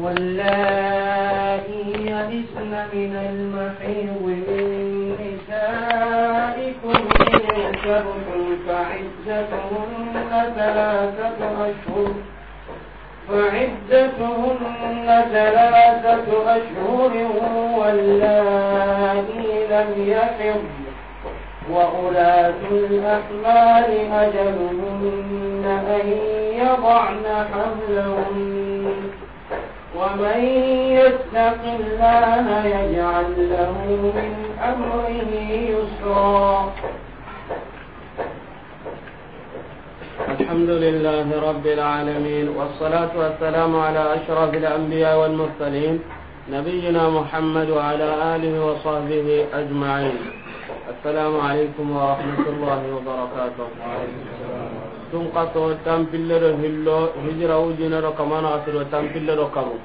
واللائي يئسن من المحيض من نسائكم إن تبتم فعدتهن ثلاثة أشهر فعدتهن ثلاثة أشهر واللائي لم يحض وأولاة الأحمال أجلهن أن يضعن حملهن ومن يتق الله يجعل له من أمره يسرا الحمد لله رب العالمين والصلاة والسلام على أشرف الأنبياء والمرسلين نبينا محمد وعلى آله وصحبه أجمعين السلام عليكم ورحمة الله وبركاته tun kaso kato tampille do hillo hijira ujina do kamano asiro tampille do kamu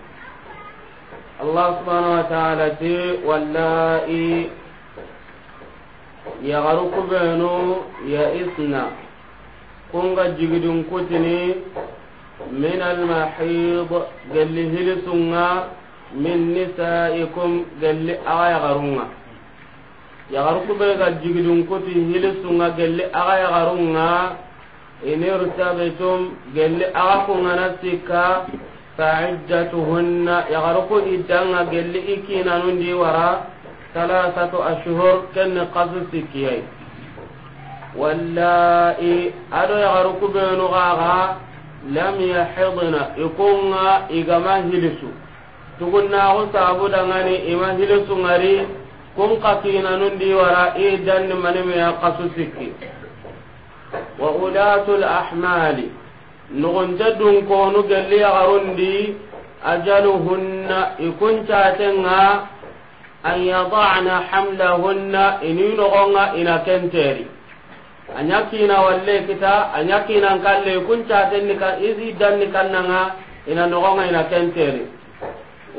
allah subhanahu wa ta'ala ti wallahi yagaru kubenu ya isna kunga jigidun kutini min almahid galli hilisunga min nisaikum galli aga yagarunga yagaru kube ga jigidun kuti hilisunga galli aga yagarunga in irtabtum gelli aga kungana sikka faciddatuhunna yagaruku iddanga gelli dii wara talatatu ashhur kenni kasu sikkiyai wallai ado yagaruku benugaga lam yaxidna ikunga igama hilisu tugunnaku sabudangani ima hilisu ngari kun kakinanun dii wara i danni manimeya kasu sikki wa ulatul ahmali nugunta dunkonu gelli yagarundi ajaluhunna ikuncatenga an yadana hamlahunna ini nogonga ina kenteri anya kina walle kita anya kina nkalle ikuncatenni ka isi danni kannanga ina nogonga ina kenteri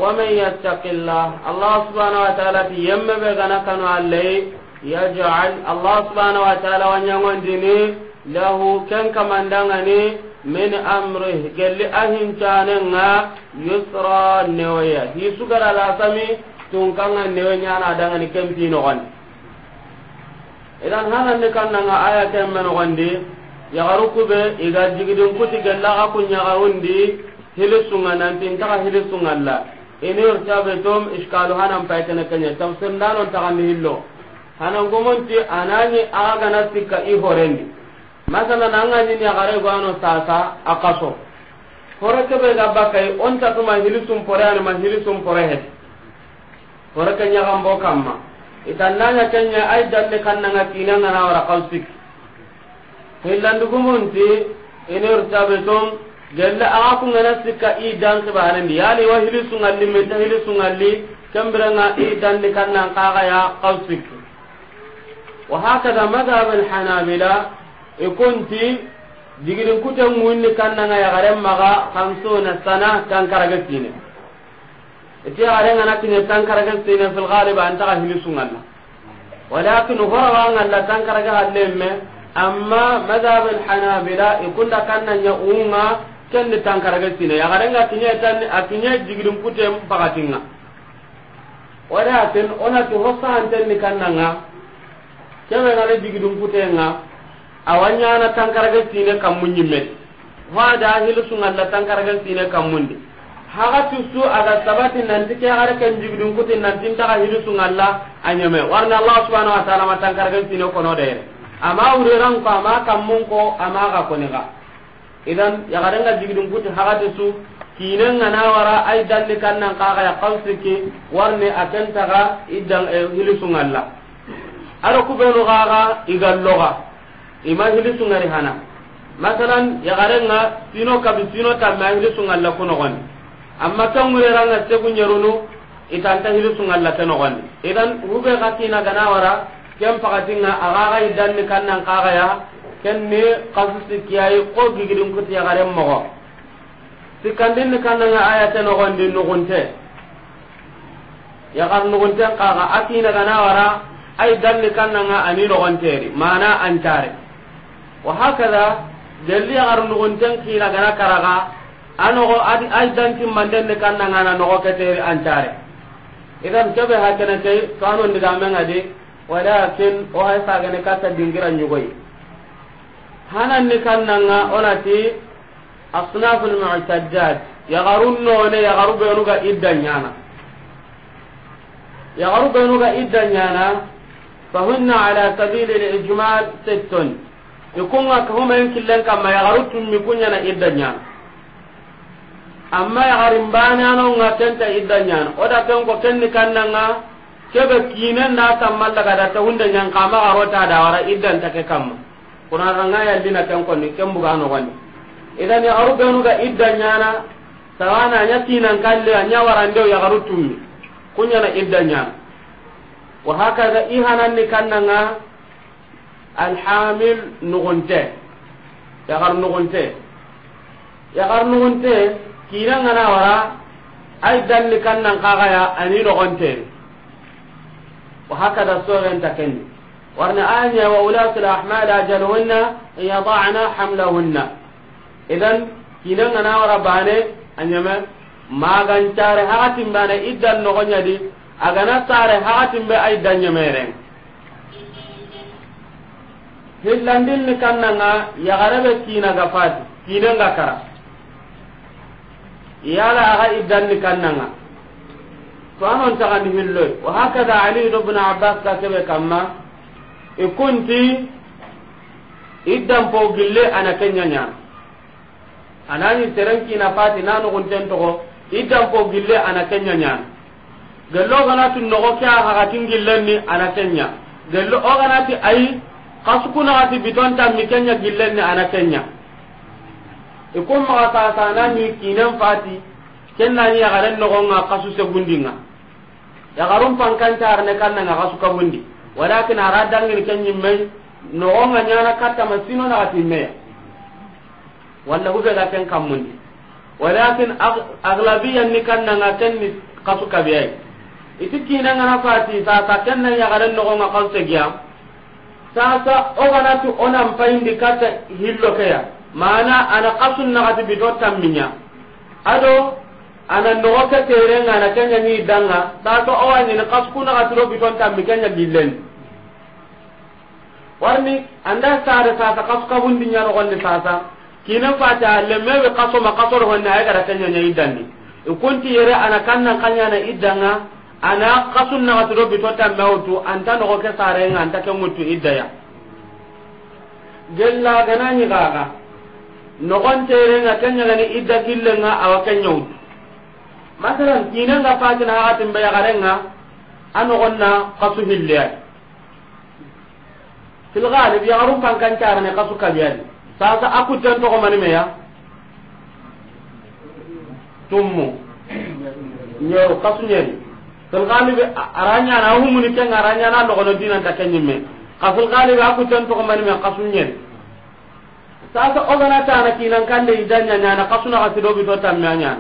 ومن يتق الله الله سبحانه وتعالى في يم بغنا كانوا عليه يجعل الله سبحانه وتعالى ونيغون دينيه lahu ken kamandangani min amrih gelli ahincanenga yusra neweya hisugara lasami tunkanga newe ñana adangani kempi nogondi idan hananni kannanga aya kemme di yagaru kube iga jigidin kuti gellaga kunyagarundi hilisunga nantintaga hilisungalla ini irtabitum iskalu hanan paytene kenya tafsir ndanon tagandi hillo hanangumonti anani aga gana sikka i horendi masalan an ga nyini agare gwano sasa akaso hore ke kebe ga bakai on ta hili hilisum pore an ma hili hilisum pore he hore ke kanya gambo kamma itannanya kanya ay dalle kannanga kinanga na wara kalsik hillandu gumunti inor tabetum gelle aga ku ngana sikka i dan sebanandi yali wa hilisum alli meta hilisum alli kambiranga i dan ka kaga ya kalsik وهكذا مذهب الحنابلة ikunti digirin kuten munni kannanga yagaren maga na sana tankarage sine iti yagaren ana kine tankarage sine fil ghaliba antaka hilisunganna walakin horawangalla tankarage hallemme amma madhab alhanabila ikunda kannanya unga kenni tankarage sine nga kinye tanni akinye digirin kuten pagatinga walakin onati hosahantenni kannanga kebe ngale kute nga. awanyana tankaraga tine kammu ñimme hoada hilusunalla tankaraga tine kammundi haga tusu aga sabati nanti ke har kan jibdun kuti nanti daga hilusungalla anyame warna allah subhanahu wa ta'ala tankarage tine kono de ama ran ko ama kammun ko ama ga ga idan yagarenga jibdun kuti hagati su kinan ngana wara ay dalli kannan ga ya qawsiki warne atanta ga idan eh, hilisun alla aro kubenu gaga igalloga imahili sungari hana masalan yagarenga sino kabi sino ta tamme ahili sungalla ko nogoni amma kangureranga segu nyerunu itanta hili sungalla ke nogoni idan hube katina gana wara ken pakatinga agaga idanni kannan kagaya kenni kasu sikkiyayi ko gigirin kuti yagaren mogo sikkandinni kannanga ayate nogondi nugunte yakar nugunten kaga akina gana wara ay danni kannanga ani nogonteri mana antare wa hakaza jalli garu nugunten kina gana karaga anogo ay danti mandende kanna ngana nogo keteri antare idan kebe hakana tay kanu ndigamenga de walakin o hay sagane kata dingira nyugoyi hananni kannanga onati asnafu lmutajad ya none yagaru benuga idda nyana yagaru benuga idda nyana fahunna ala sabili lijmal sittun ikunga kahumayin killen kamma yagaru tummi kunyana idda ñana amma yagarin nga kenta idda o oda ken ko kenni kannanga keɓe kinen da tammallaga datta hunde ñan kama garota dawara iddanta ke kamma kunatanga yallina ken konni ken buga nogondi idan yagaru ɓenuga idda nyana sawana anya tinan kalle anya warandew yagaru tummi kunyana idda ñana wa hakaza ihananni kannanga alhamil nugunte yagar nugunte yagar nugunte kina ngana wara ay dalli kannan kagaya ani dogonte wa hakada soren takenni warna anya wa ulatul ahmal ajaluhunna yada'na hamlahunna idan kina ngana wara bane anyama magan tare hakatin bane iddan nogonyadi agana tare hakatin be ay danyameren hillandin ni kannanga yagarebe kinaga fati kinenga kara yala aga iddan ni kannanga to anon tagandi hilloy wa hakada ali ibn abbas ka kebe kamma e kunti iddan po gille ana kenya nya anani terenki na fati nanu gunten to iddan po gille ana kenya nya gello gana tun nogo kya haga tingillenni ana kenya gello oganati ayi kasukunagati biton tammi kenya gillenni ana kenya ikun maga sasanani kinen fati kennani yagaren nogonga kasu segundinga yagarun pankantarne kannanga kasu kabundi walakin ara dangini kenyimmei nogonga ñana kattama sino nagatimmeya walla hubega ken kammundi walakin aglabiyanni kannanga kenni kasu kabiyai iti kinangana fati sasa kenna yagaren nogonga kasu segiyam sasa oganatu onan di katta hillo kaya. mana ana kasun nagati bito tamminya ado ana nogo ke terenga ana kenya ni danga sasa owanini kasku nagatiro bito tammi kenya gilleni warni anda sare sasa kasu kabundi nyanogondi sasa kina fata lemewe kasoma kasoro honni aygara kenya nya iddandi ikunti yere ana kannan kanyana iddanga ana kasun na gatudo bito tambe wutu anta nogo ke sare nga anta ke mutu hidaya gella gana ni gaga nogon tere nga kenya gani idda kille nga awa kenya wutu masalan kina nga patina ha timbe ya garenga anogon na kasu hillaya fil ghalib ya garum kan kan cara ne kasu kabiyani sasa aku tan ko mani me ya tummu nyo kasu nyeri fil be aranya na humu ni ken aranya na do gono dinan ta ken me ka fil galibi aku tan to ko man me sa sasa ogana ta na kinan kan de idanya nya na kasuna ka sido bi to tan nya nya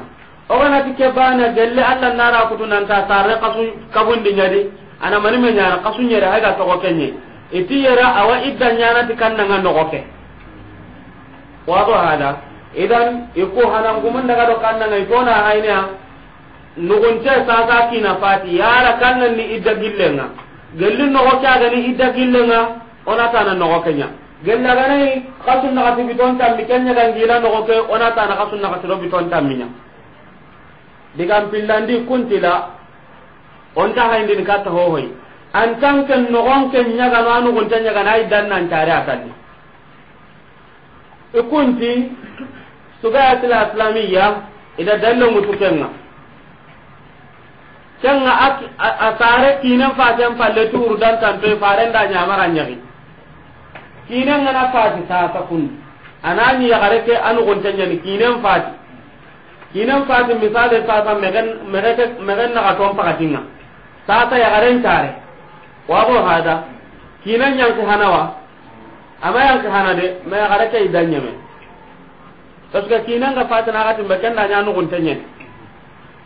ogana ti ke bana gelle alla na ra kutu nan ta sarre kasu kabun dinya di ana man me nya kasunya ra ga to ko kenye iti yara awa idanya na ti kan nan do ko ke wa do hada idan iko hanan gumun daga do kan nan ikona hainya nugunte sasa kina fati yara kannan ni idda gillenga gelli nogo kaga ni idda gillenga ona tana nogo kenya gella ganai khasun na khati biton tam bikenya dan gila nogo ke ona tana khasun na khati ro biton tam minya digam pillandi kuntila onta haindi ni kata ho hoy an tan ken nogon ken nyaga no anu gunta nyaga nai dan nan tare akadi ikunti sugaya islamiyya ida dallo mutukenga kenga a sare kinen faten palle tuuru dan tantoy farenda ñamara ñahi kine ngana fati sasa kun anani yagare ke anugunte ñani kinen fati kinen fati misale sasa megen naga ton pakatinga sasa yagaren wa wago hada nyang ñanki hanawa ama yanki hana de me yagare ke idan ñeme parce que kinenga fatina agatimbe kenda ñanugunte ñani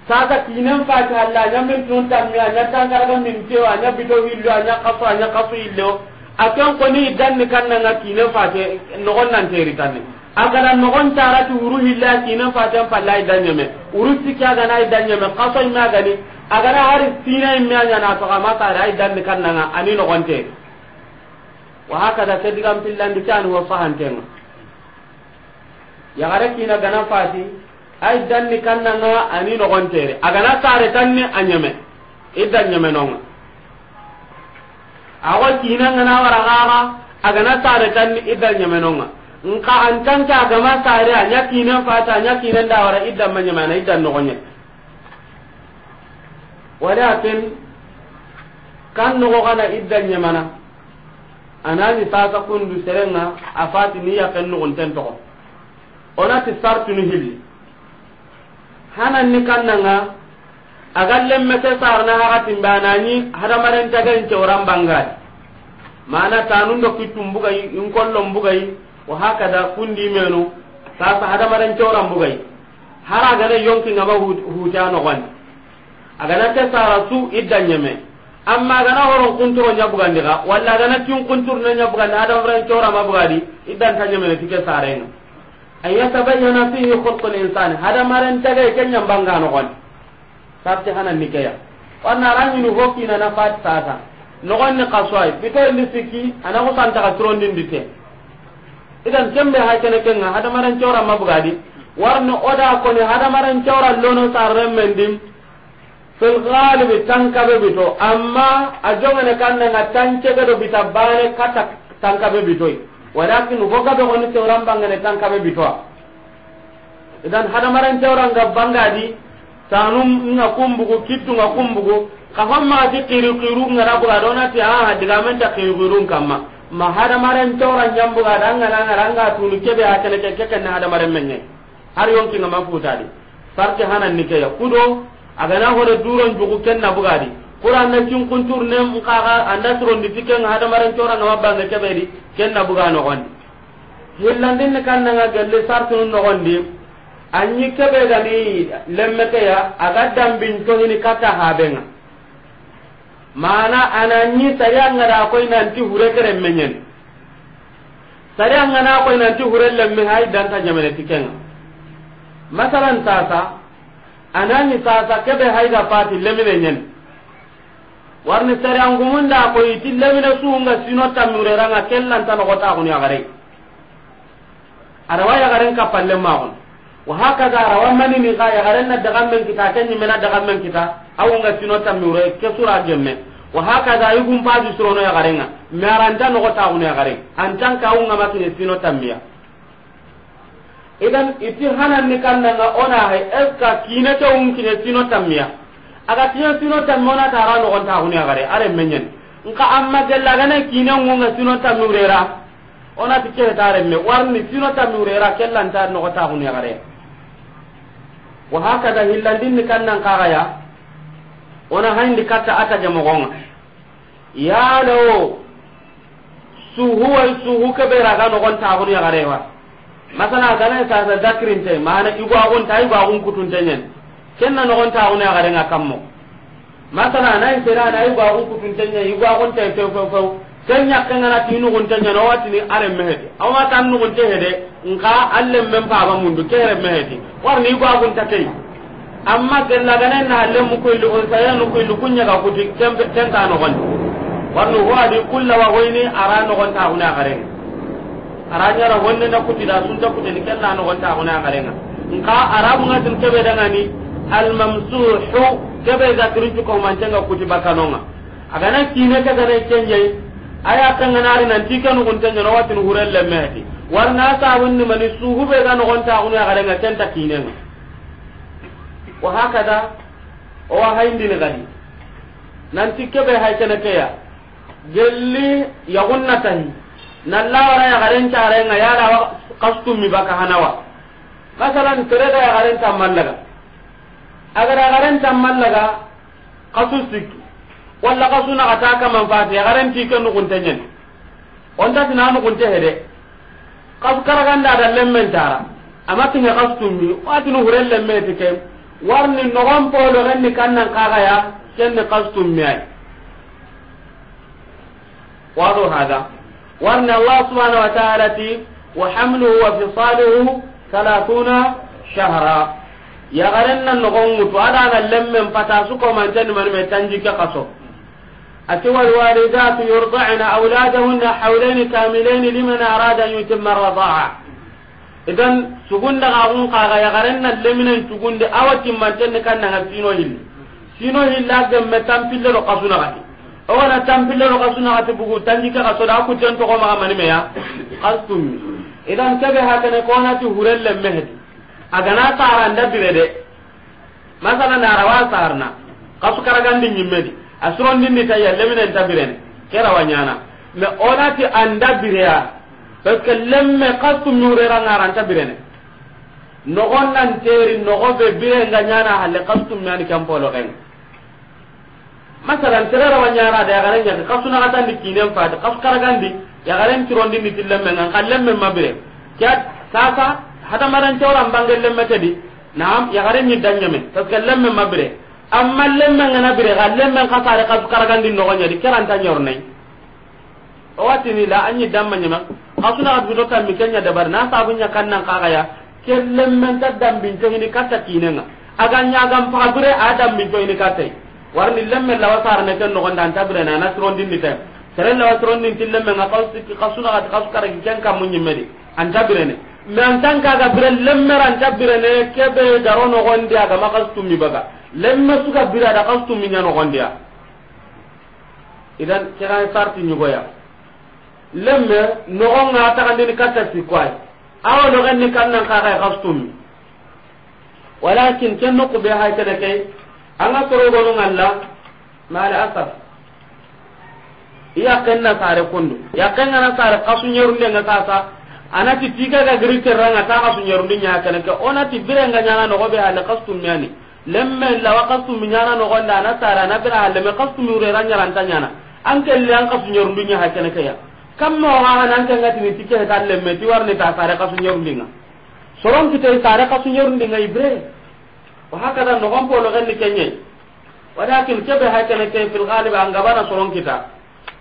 sasa kinen fati halla nya min tun tammi nya tangaraga min tewa nya bito hillo nya kaso nya kaso hillo akan ko ni dan ni kan nga kinen fati nogon nan teri tanni agara nogon tara tu uru hilla kinen fati an pallai dan nyame uru tikya ga nai dan nyame kaso nya ga ni agara hari tina imya nya na to kama ta rai dan ni kan nga ani nogon te wa haka hakada kedigam pillan dikan wa fahan tenga ya gara kina gana fati ay danni kannanga ani nogontere agana sare tanni a ñeme idda ñeme nonga ago kinanga na wara gaga agana sare tanni idda ñeme nonga nka antanke agama sare a ña kinen fata a ña kinen da wara idda ma ñeme ana idda nogoñe walakin kan nogogana idda ñemana anani sasa kundu serenga afati ni yaken nogonten togo onati sartunu hilli hananni kannanga agallen meke na hakatin banani hadamaren tagen cewran bangadi mana tanun do kittum bugai in kollon bugai wa hakada kundi menu sasa hadamaren cewran bugai hara gana yonki ngaba huta anogoni agana ke sara su iddanyeme amma gana horon kunturo ga walla gana tin kuntur no ma hadamaren cewran mabugadi iddan tanyeme ne tike sarenga an yatabayyana fihi khulqu al-insan hada maran taga kenya banga no gon sabti hanan nikaya wana rangi ni hoki na na fat sata no gon ni qaswai bito ni siki ana ko santa ka trondin dite idan kembe ha kana kenga hada maran chora mabugadi warno oda ko ni hada maran chora lono sarrem mendim fil ghalib tankabe bito amma ajongane kanna tanke gado bitabare kata tankabe bitoi walakin ka be goni tewran ne tan kabe bitwa idan hada maran tewran ga di tanum nga kumbugo kittu nga kumbugo ka famma di qiru qiru nga rabu ga dona ti ha diga men ta qiru kiru kamma ma hada maran tewran jambu ga danga danga ranga tunu kebe akene ke ke kenna hada maran menye har yonki nga di farti hanan ke ya kudo na hore duron jugu kenna bugadi qur'an na cin kuntur mu kaga anda turon ditiken hada maran tewran nga mabanga kebe di kenna buga nogondi hillandinni nga gelle sartunu nogondi anyi kebe gani lemmekeya aga dambintohini katta habenga mana ananyi sariyangada koy nanti hurekerenmeñen sariyangana koy nanti hure lemme hay danta ñameneti kenga masalan sasa anani sasa kebe hayga pati lemine ñen warni sariyangumunda koy ti lemine suunga sino tammureranga kellanta nogotaxunu yagare arawa yagaren kappalle maxun wa hakaza arawa manini ga yagarenna dagammen kita ke ñimena dagammen kita awunga sino tammure ke sura gemme wa hakaza igumpaju surono yagarenga mais aranta nogotaxunu yagare antanka awunga makine sino tammiya idan iti hananni kannanga ona hay est ce que kiinete unkine sino tammiya aga tiyo sino tan mona tara no gonta huni agare are menyen nka amma gella gane kinon ngonga sino tan nurera ona tike tare me warni sino tan nurera kellan tan no gonta huni agare wa hakada hillandin kannan kagaya ona hain dikata ata gonga ya suhuwa suhu kebera ga no gonta huni agare wa masana gane sa da zakrin te mana igwa gonta igwa gunkutun tenyen kenna nogon taxune nga kammo masala anayi sere anayi gwaxun kutunteña i gwaxunte na few few ken ñakkenganati i ni are mehedi remmeheti tan an nuxunte hede nka an fa ba mundu ke remmeheti warni i gwaxunta te amma gellagane na mu lemu kuyli ku kuyli kunñaga no ken war noxondi wadi hoadi kulla goini ara noxon taxune axarenga ara na ñara honnena kutida sunta kuteni ken na noxon taxune nga nka arabu ngatin kebe dangani almamsuhu kebe zakiri cuko mancenga kuti bakanonga agana kine ke gana kenye aya na ari nan tikanu kuntenya no watin le mehdi warna wonni mani suhu be gan no gonta kunu na garenga kine no wa hakada o wa haindi ne gadi nan tikebe hay kenake ya gelli yagunna tahi nallawara yagaren carenga yala mi baka hanawa masalan da terega yagaren mallaga agara garen tammallaga kasu sikki wala kasu na kata kaman fati garen tike nukunte nyen onta tina nukunte hede kasu karaganda da lemmen tara amma tinga kasu tummi wati nu huren lemme tike warni nogon polo genni kannan kaga ya kenni kasu tummi ay wado hada warni allah subhanahu wa ta'ala ti wa hamluhu wa fisaluhu 30 shahra yagaren nan nogon mutu ada ga lemmen pata su ko man tan man me tanji ka kaso ati wal walidatu yurda'na awladahunna hawlayn kamilayn liman arada an yutimma rida'a idan sugunda ga gun ka ga yagaren nan lemmen sugunde awati man tan kan nan sino hilli sino la ga me tampille ro kasuna ga o wana tampille ro na ga bugu tanji ka kaso da ku tan to ko ma mani me ya kastum idan kabe hakane ko na ti hurelle mehdi agana saranda bire de masala narawa sarna kasu karagandi di a surondindi ta yalleminen ta birene kerawa ñana mais onati anda bireya parce que lemme kasu ñurera ngaranta birene nogon nan teri nogo be bire nga ñana halle kasu meani kempolo xeng masalan sererawa ñana de agana ñaki kasu naxatandi kinen fati kasu karagandi yagaren cirondindi ti lemme ngan xa lemme mabire ke sasa hada maran tawra bangal lemme tadi naam ya garen ni danyame parce que lemme mabre amma lemme ngana bire ga lemme ka sare ka karagan din no gonya di keran ta nyor nay o wati ni la anyi damma nyama asuna abdu do kam mikenya dabar na sabunya kannan kaga ya ken lemme ta dambin to ni kata kinenga aga nya gam pa bire adam min to ni kata warni lemme la wasar ne ken no gonda ta bire na na tron din ni ta sere la wasron din tillemme kan anta ne nantan kaga bire lemmeranta ne kebe garo ga aga mi baga lemme bira da ada mi nyano nogondiya idan parti e ni goya lemme ta nogonga tagandini katta sikkoay awa nogenni kannan kakay e kastummi walakin ken noku be hay kene kay anga sorogonungalla maali asaf iya kenna sare kundu na sare kasu ñerundenga sasa anati tika ga giri nga ta ka sunyarundi nya kana ka onati oh, nga nyana no gobe ala qastum yani lemme la wa qastum nyana no gonda na tara na bira ala me qastum ure ranya ranta nyana an li an ka sunyarundi nya ha kana ka ya kam no wa nan kan ngati ni tike ta lemme ti ni ta tare ka sunyarundi nga soron kite tare ka sunyarundi nga ibre wa da no gon polo ganni kenye ke kebe ha kana ke fil ghalib an gabana soron kita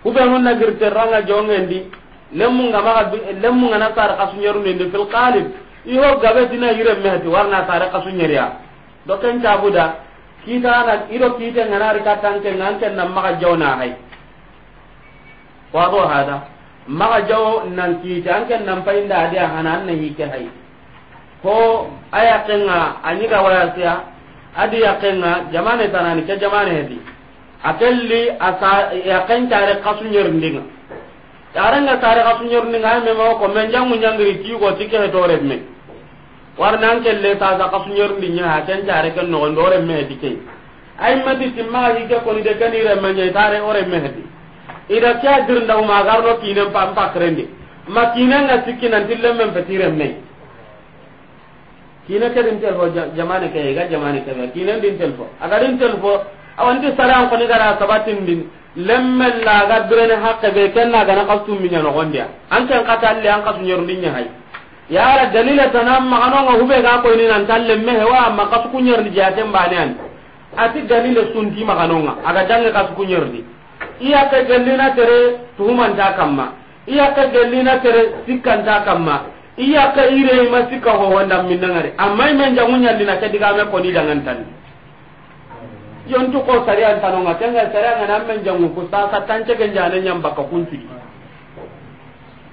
kube hunna girterranga jongendi lemu nga ma lemu nga na sar kasu nyaru ne fil qalib iho gabe dina yire mehdi warna sar kasu nyariya do ken tabuda kita na iro kita ngana rika tanke nganke na maka na hay wa do hada maka jaw nan kita anke nan painda hana hanan na ke hay ko aya kenga anyiga sia adi ya kenga jamane tanani ke jamane hedi akelli asa ya kan tare kasu ndinga aranga tare ka sunyor ni ngame ma ko men jangu jangri ti ko ti ke to me warna an kelle ta za ka sunyor ni nya ha tan tare kan no ndo me di ke ay ma di timma hi ke ko ni de kan ire ma nya tare ore me di ida kya dir ndaw ma garno ti ne pam pa krende ma kina na tikki nan tille men petire me kina ke din telfo jamane ke ga jamane ke kina din telfo aga din telfo awanti salam ko ni gara sabatin din lemmen laga birene hakke be ken naga na kastu minya no gondia an ken kata alle an kasu nyerundi nya hay ya ala dalila tanam ma anon nga hube ga ko ni nan talle me wa ma kasu kunyerni jaten banan ati dalila sunti ma kanonga nga aga jange kasu kunyerni iya ka gallina tere tuhuman ta kamma iya ka gallina tere sikkan ta kamma iya ka ire ma sikka ho wanda minna ngare amma men jangunya dina ka diga me ko ni dangan tan yontu ko sari sariya tanonga sari an ngana men jangu ko sa sa tanche genja ne nyam baka kuntu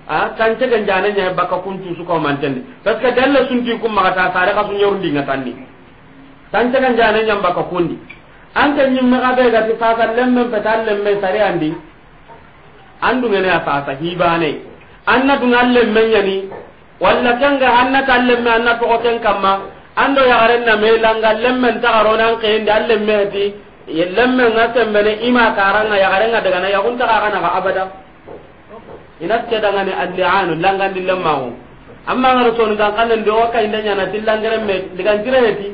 a tanche genja ne nyam baka kuntu su ko mantende parce que dalla sunti kum maka ta sare ka sunyo ndi ngatanni tanche genja ne nyam baka kundi an kan nyim ma abe ga ti sa sa men petal men sari an di andu ngene a sa sa hibane anna dungalle men yani walla tanga anna talle men anna to ko ken kamma ando yagaren na me langa lemmen tagarona an keyinde an ti ye lemmen ga sembene ima na ya kun ta kana ga abada ina ce inatte dangane allianu langandi lemmagu amma ngaro sonu kan kallan do waka inda nyana tilangeren me diga jira ne ti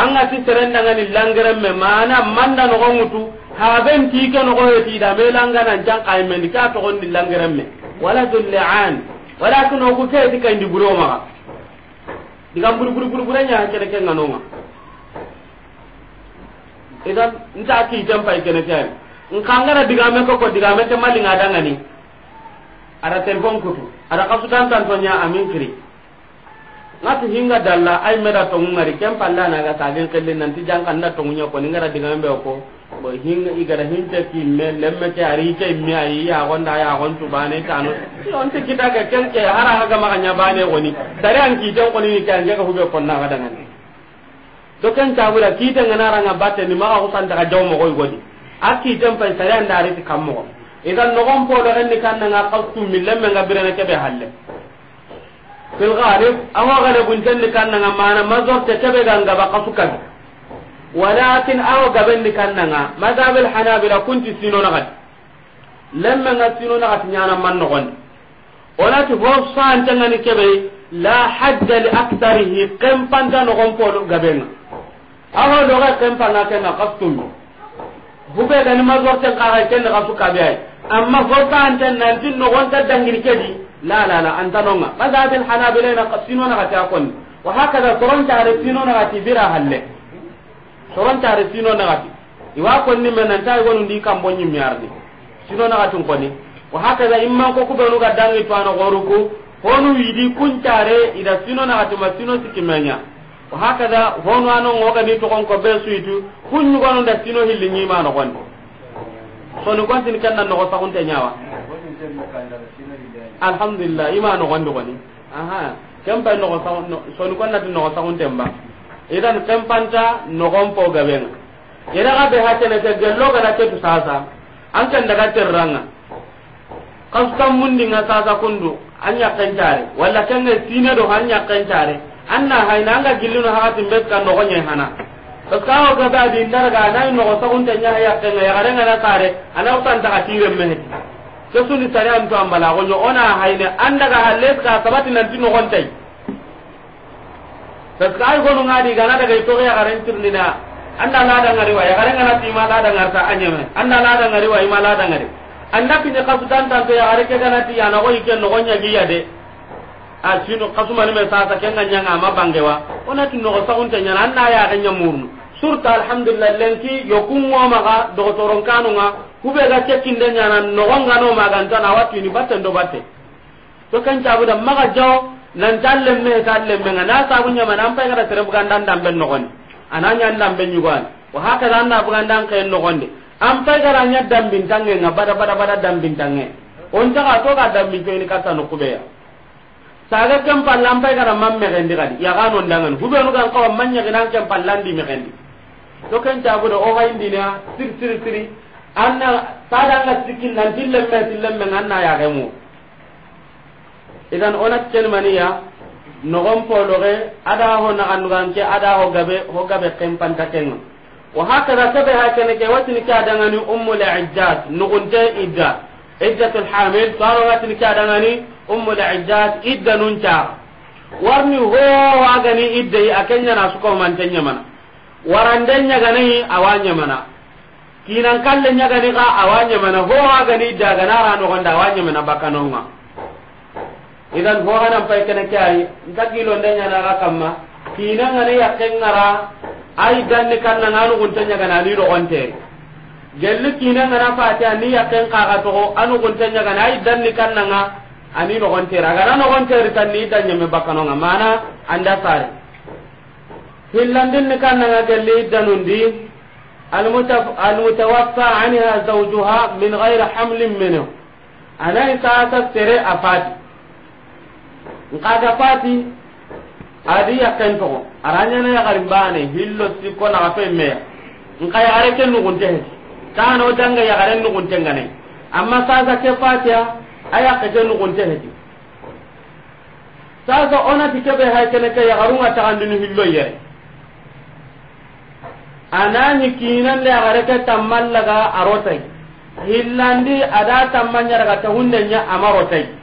an ga serenda ni langare me mana manda no ha ben ti ke no ti da me nan jan kay men ka to gondi langeren me wala dul'an li'an walakin ku ke ti kan di buroma diga buru buru buru buru nya kene ken nganonga idan nta ki pai kene nga na diga me ko diga me temali ngada ngani ada telepon kutu ada kasutan tantonya amin kiri ngati hinga dalla ay meda to ngari kem palla na ga tagen kelle nanti jangkan na to ngunya ko ni ngara diga me ko bo hinga igara ta ki me lemme ta ari ta mi ayi ya wanda ya gon tu bane tanu on ta kita ga ken ke hara ga ma nya bane woni dare an ki ta koni ke kan ga hube konna ga dangan to kan ta wura ki ta ngana ranga batte ni ma ko san daga jaw mo koy godi ki tan pa dare an dare ti kammo ko idan no gon po ren ni kan nga qattu mi lemme ga birana ke be halle fil ghalib awa gun tan ni kan nga mana mazor ta ke be ga ngaba kan walakin aw gabendi kannanga madhabul hanabila kunti sino nagat lemma nga sino nagat nyana man nogon onati ho san ni kebe la hadda li aktharihi kam panda nogon polo do aho doga kam panga kenna qastum hube gani mazor tan kaga kenna kasu kabe amma ho san tan nan tin nogon ta dangiri kedi la la la antanonga madhabul hanabila na qasino nagat yakon wa hakada toron ta re sino nagat bira halle torontare sino nagati iwa konni men nanta gonundi kambo ñimmiardi sino nagatun koni wa hakaza imma ko kubenu ga dangi tuano goruku honu yidi kuncare ida sino nagati ma sino sikimenya wa hakaza honu ano ngogani togon ko be suitu kunyu gonu da sino hilli ñima no gon so ni gontin kanna no ko sagunte nyawa alhamdulillah ima no gon do goni aha kempa no ko sagun so ni konna no ko sagunte mba idan kempanta nogon po gaben ida ga be hatene ke gello ga da ke tu sasa an kan daga terranga kastam mundi nga sasa kundu anya kancare walla kanga tine do anya kancare anna hayna anga gilluno hakati mbet kan nogon yen hana kaskawo ga ba di ndarga anayi nogo sagunta nya haya kenga ya garenga na sare ana utan ta katire mehe ke suni sare an to ambala gonyo ona hayne andaga halle ka sabati nan nogon gontai parce que ay gonu ngadi gana daga to ya garan tirnina anda la da ngari wa ya garan ngana ti ma la da ngarta anyame anda la da ngari wa ima la da ngari anda kinye kasudan tan to ya gare ke gana ti yana ko iken no gonya giya de a sino kasuma ni me sasa ken nganya ngama bangewa ona tin no sa unta nyana anda ya ganya murnu surta alhamdulillah lenki yokun ngo maga do toron kanu nga kube ga cekin de nyana no gonga no maga ntana watini batten do batte to kan cabuda maga jaw nan tallen me tallen me na sabu nyama nan pa ngara tere bugan dan dambe nogon ananya dambe nyugan wa haka dan na bugan dan kay nogon de am pa ngara nya dambin tange na bada bada bada dambin tange on ta ka to ka dambin ko ni kata no kubeya saga kam pallam pa ngara mamme gendi kadi ya ga non dangan hubbe no kan kawan manya gidan kam pallan di me gendi to kan ta bu o ga indina sir sir sir anna ta dan ga sikin nan dillen me dillen me nan na ya gemu idan onat ken maniya nogon pologe ada ho na naganduganke ada ho gabe ho gabe ken kempanta ken wa hakada kebe hakene ke ka watini ni ummu ummul ijjat nugunte idda iddatul hamil ka watini ni ummu ummul ijjat idda ta warni ho wa wagani idda akenya na suko mantenya mana warandenya gani awanya mana kinan kalle nyagani ka awanya mana ho wa wagani idda gana ra no gonda awanya mana bakanonga idan ho hanan pay kana kai dagilo ndenya na ga kamma kina ngane ya kengara ay ganne kanna nanu gunta nya kana ni do onte gelli kina ngana fatiha ni ya ken ka ga to anu gunta nya kana ay danni kanna nga ani no onte ra ga no onte ri tan ni danya me bakano nga mana anda sare hillandin ni kanna nga gelli danundi المتوفى عنها min من غير حمل منه sa إساسا سري أفادي nkaga pati adi yakken togo aranyana yagarin bane hillo sikko naga meya nka yagare ke nugunte he kano danga yagare nugunte ngane amma sasa ke patiya ayakke ke nugunte heti sasa onati keɓe hay kene ke yagarunga tagandini hillo yere anani kinande yagare ke tammallaga arotay hillandi ada tamma ñaraga tahunne ña amarotay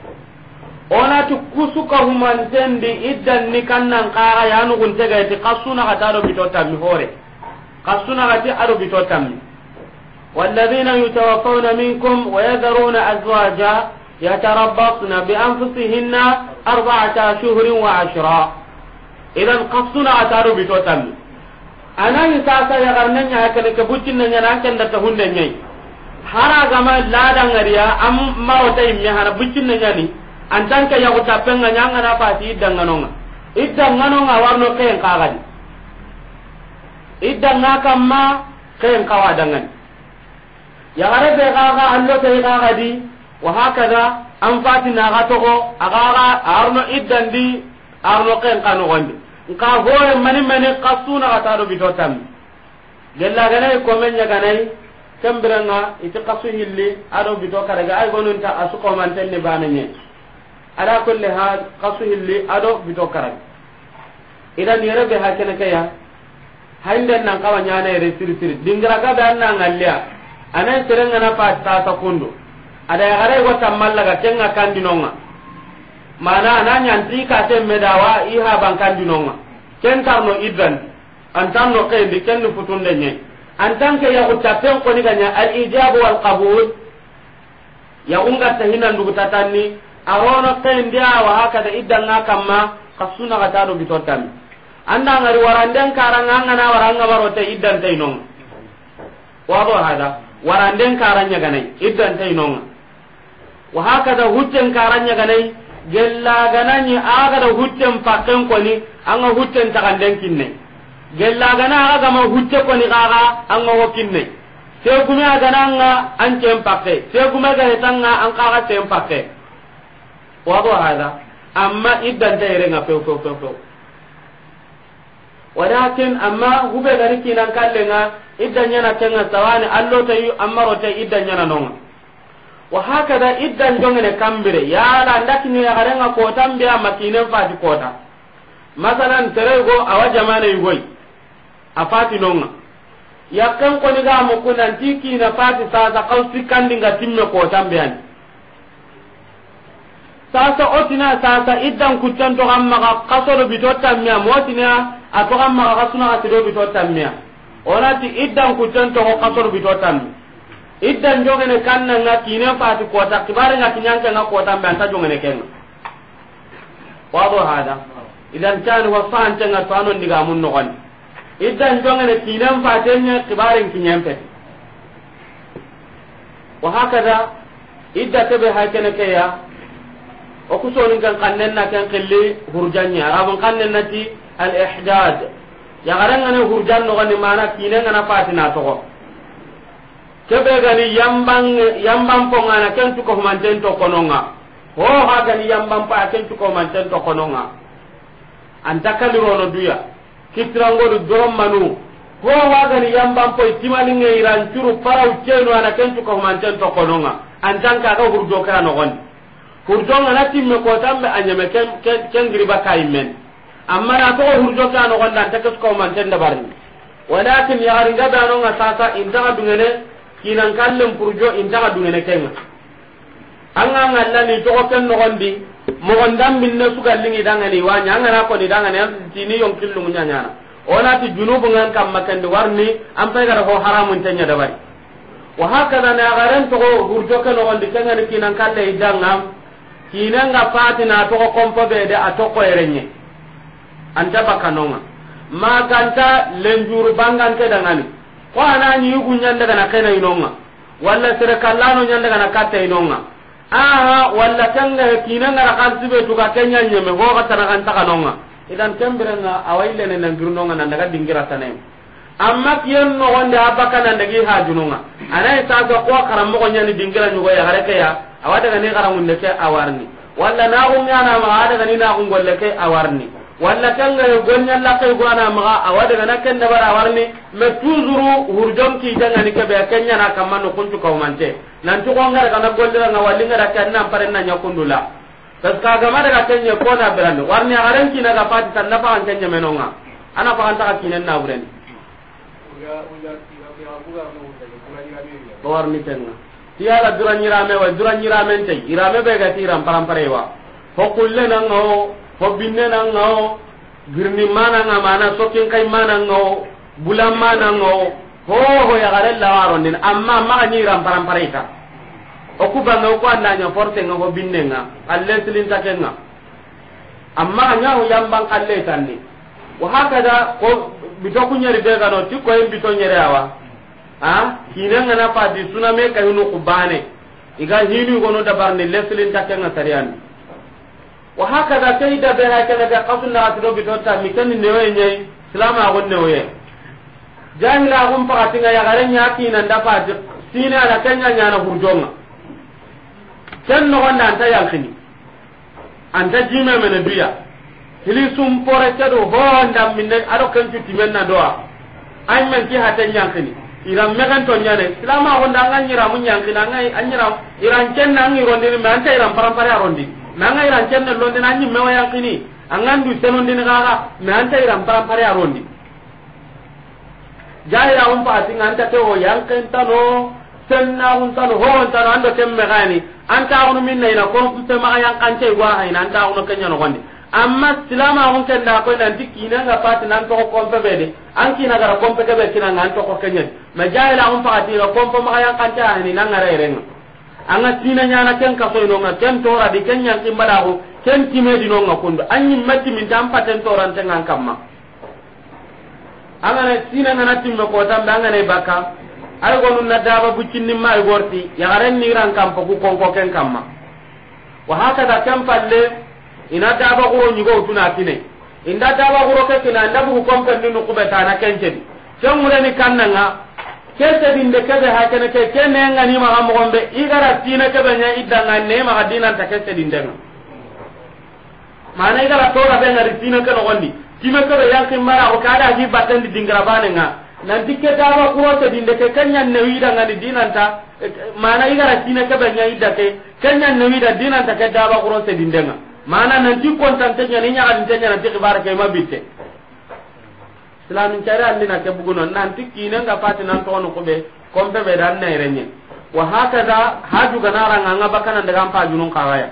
onati kusuka humantendi iddanni kannan kaxa yanuguntegayti kassunaxati aɗo bito tammi hoore kassunaxati aɗo bito tammi والذين يتوفون منكم ويذرون أزواجا يتربصن بأنفسهن أربعة شهر وعشرا إذا قصنا أتارو بتوتم أنا يساسا na يهكذا كبوتين ينانكن دتهن يهي hara gama ladan ngariya am marota imme hana buccin nanya ni an tan ka yago tappenga nyanga na pati danganonga idanganonga warno ken kagadi idanga kamma ken kawa dangani yagare be kaga allo te kagadi wa hakaza an fati na ga togo agaga arno iddandi arno ken kanu gondi nka hoye mani mani kasuna ga tado bito tam gella ganai ko men nya ganai kembrenga iti kasu hilli ado bito kare karaga ay gonunta asuko man tenne bananye ala kulli hal qasu li ado bito karam idan yere be hakene kaya hande nan kawa nyana yere siri siri dingra ka dan nan allia anan serenga na pa ta ta kondo ada yare go tamalla ga kenga kandinonga mana ka ananya ntika temme dawa iha bankandinonga ken tarno idan antanno kayndi kenni futunde ñayi antanke yaku tappen koni gaña al ijabu wal qabul yakungatta hinandugu tatanni arono kendi awa hakada iddanga kamma kasuna kata do bitotami anda ngari waranden karanga angana waranga barote iddan tainon wado hada waranden karanya ganai iddan tainon wa hakada hutten karanya ganai gella ganani aga da hutten pakken koni anga hutten takanden kinne gella gana aga ma hutte koni kaga anga wokinne sai kuma gana anga an cem pakke sai kuma ga hetanga an kaga cem pakke wa wado hada amma idan ta yere nga pew pew pew pew amma hube gari kinan kalle nga iddan yana kenga sawani allo ta yu amma rota iddan yana nonga wa hakada iddan jongene kambire yala ndakini ya garenga kota mbiya makinen fati kota masalan terego awa jamane yugoi afati nonga yakken koni ga mukunan tiki na fati sasa kausi kandinga timme kota mbiyani sasa otina sasa iddan kuttan to amma ka kasoro bito tammiya motina ato amma ka kasuna ka tido bito tammiya onati idan kuttan to kasoro bito tammi iddan jogene kanna nga kine fati kota kibare nga kinyanka nga kota mbe anta jogene kenga wado hada idan tan wasan tanga tano ndiga mun no gon iddan jogene kine fati nya kibare kinyampe wa hakada idda tebe hakene ya. o kusoni kan kannenna ken kelli hurjanni arabun kannennati al ihdad yagarengane hurjan nogoni mana kinengana patina togo kebe gani yamban yamban pongana ken cukohumanten tokononga ho yamban pa ken cukohumanten tokononga anta kalirono duya kitirangodu dorommanu ho yamban po timalinge iran cenu ana ken cukohumanten tokononga antankaga hurjo nogoni hurjo ngana timme kotanɓe a ñeme ken giriba ka men amma na ko hurjo ta a nogonda anta kes komanten dabarni walakin yagaringa ɓe anonga sasa intaxa dungene kinankan len purjo intaxa dungene kenga anga ngallani togo ken nogondi mogon dambinne sugallingi dangani na ko ni dangani tini yonkillungu ñañana ti junubu ngan makan de warni am fay gara ho da bari wa hakada ne garan togo hurjo ke nogondi kengani kinan kalle idanga hinenga n'a togo kompo ɓeede a tokoyerenye anta bakkanonga maganta lenjuru bangante dangani ko ana ñiyugu ñandagana kena inonga walla sere kallano ñandagana katta inonga aha walla kengahe kinengara kansiɓe tuga kenyañeme hoga sanagantaganonga idan na kembirenga awailene nangirnonga nandaga dingiratanayo amma kiyen dagi ha junuma anai ta ga ko karam mo nyani dingira nyugo ya ke ya awa daga karam karangunde ke awarni walla na nagunge anamaga awa daga ni na golle ke awarni walla kan ga kangaye gonñallakaygo anamaga awa daga na ken da bara awarni me tuzuru hurjom ki kiitangani keɓe kenñana kamma nukuncu kawmante nanti gongara kana golliranga wallingara ke annan parenna ñakundula parce que agama daga kenñe kona birande warni na ga fati tan na an kenya menonga ana faxan taxa kinen nabureni warni tenna tiyala duran yirame wa duran yirame tay irame be ga tiram parampare wa ho kulle nan ho ho binne nan girni mana na mana sokin kai mana ho bulan mana ho ho ho ya gare la waron din amma ma ni ram parampare oku o ku banga ko anda nya forte nga ho binne nga alle silin ta amma nya ho yambang alle tanni wa hakada ko bito kunyari be gano ti koy bito nyere awa ha hina ngana di suna me kay no kubane iga hinu gono dabar barne leslin ta kenga tariyan wa haka da hakada kayda be hakada be qasna atro bito ta mi mikan ne we nyai salama gon ne we jahila gon pati ga yagare nya kina nda pati sina ala kenya nya na hurjonga ken no gonda anta yankini anta jime mena duya hilisum pore kedo ho ndam minne ado kan cuti men na doa ay men ki hata nyankini iram kan to nyane islama ho nda ngan nyira mun nyankina ngai anyira iran ken na ngi rondi me anta iran param pare rondi na ngai iran ken na londi na nyi mewa kini angan du senon din gaga me anta iram param pare rondi ra um pa tinga anta kan ta yankin tano na hun tano ho on tano ando me gani anta hunu minna ina ko mpe ma kan te wa ina anta hunu kenya no gondi amma silama hun ken da ko nan tikki nan ga pati nan to ko be de an kina gara kompe ke be kina nan to ko kenyen ma jahila hun pati ro kompe ma yang kan ta ni nan ngara an anga tina na ken ka so no nga ken to ra di ken ti kimbala ko ken time di no nga an yin mati min tam paten to ran tengan kamma anga na tina ngana me ko tam ga ne baka go nun na daba cinni ma gorti ya ran ni ran kampa ko konko ken ma wa hakada kam palle ina taba guro nyigo tuna tine inda taba guro ke kina anda bu kom kan nu kubeta na kenje di tan mure ni kannanga kese din de kebe ha kene ke kene ngani ma ga mogombe igara tina ke banya idanga ne ma ga dinan ta kese din de mana igara tora be ngari tina ke no gondi tina ke be yankin mara o da ji batan di dingara bane nga nanti ke taba guro ke din de ke kanya ne da ngani dinan ta eh, mana igara tina ke banya idake kanya ne wida dinan ta ke taba guro se din de nga mana nanti kontante ñani te ñanati xibara ke ma bitte silamin cari andina ke buguno nanti kinenga pati nan to togonu kuɓe kompe ɓe dan nayreñe wa hakada ha juganaranga daga bakkanandagan junun kawaya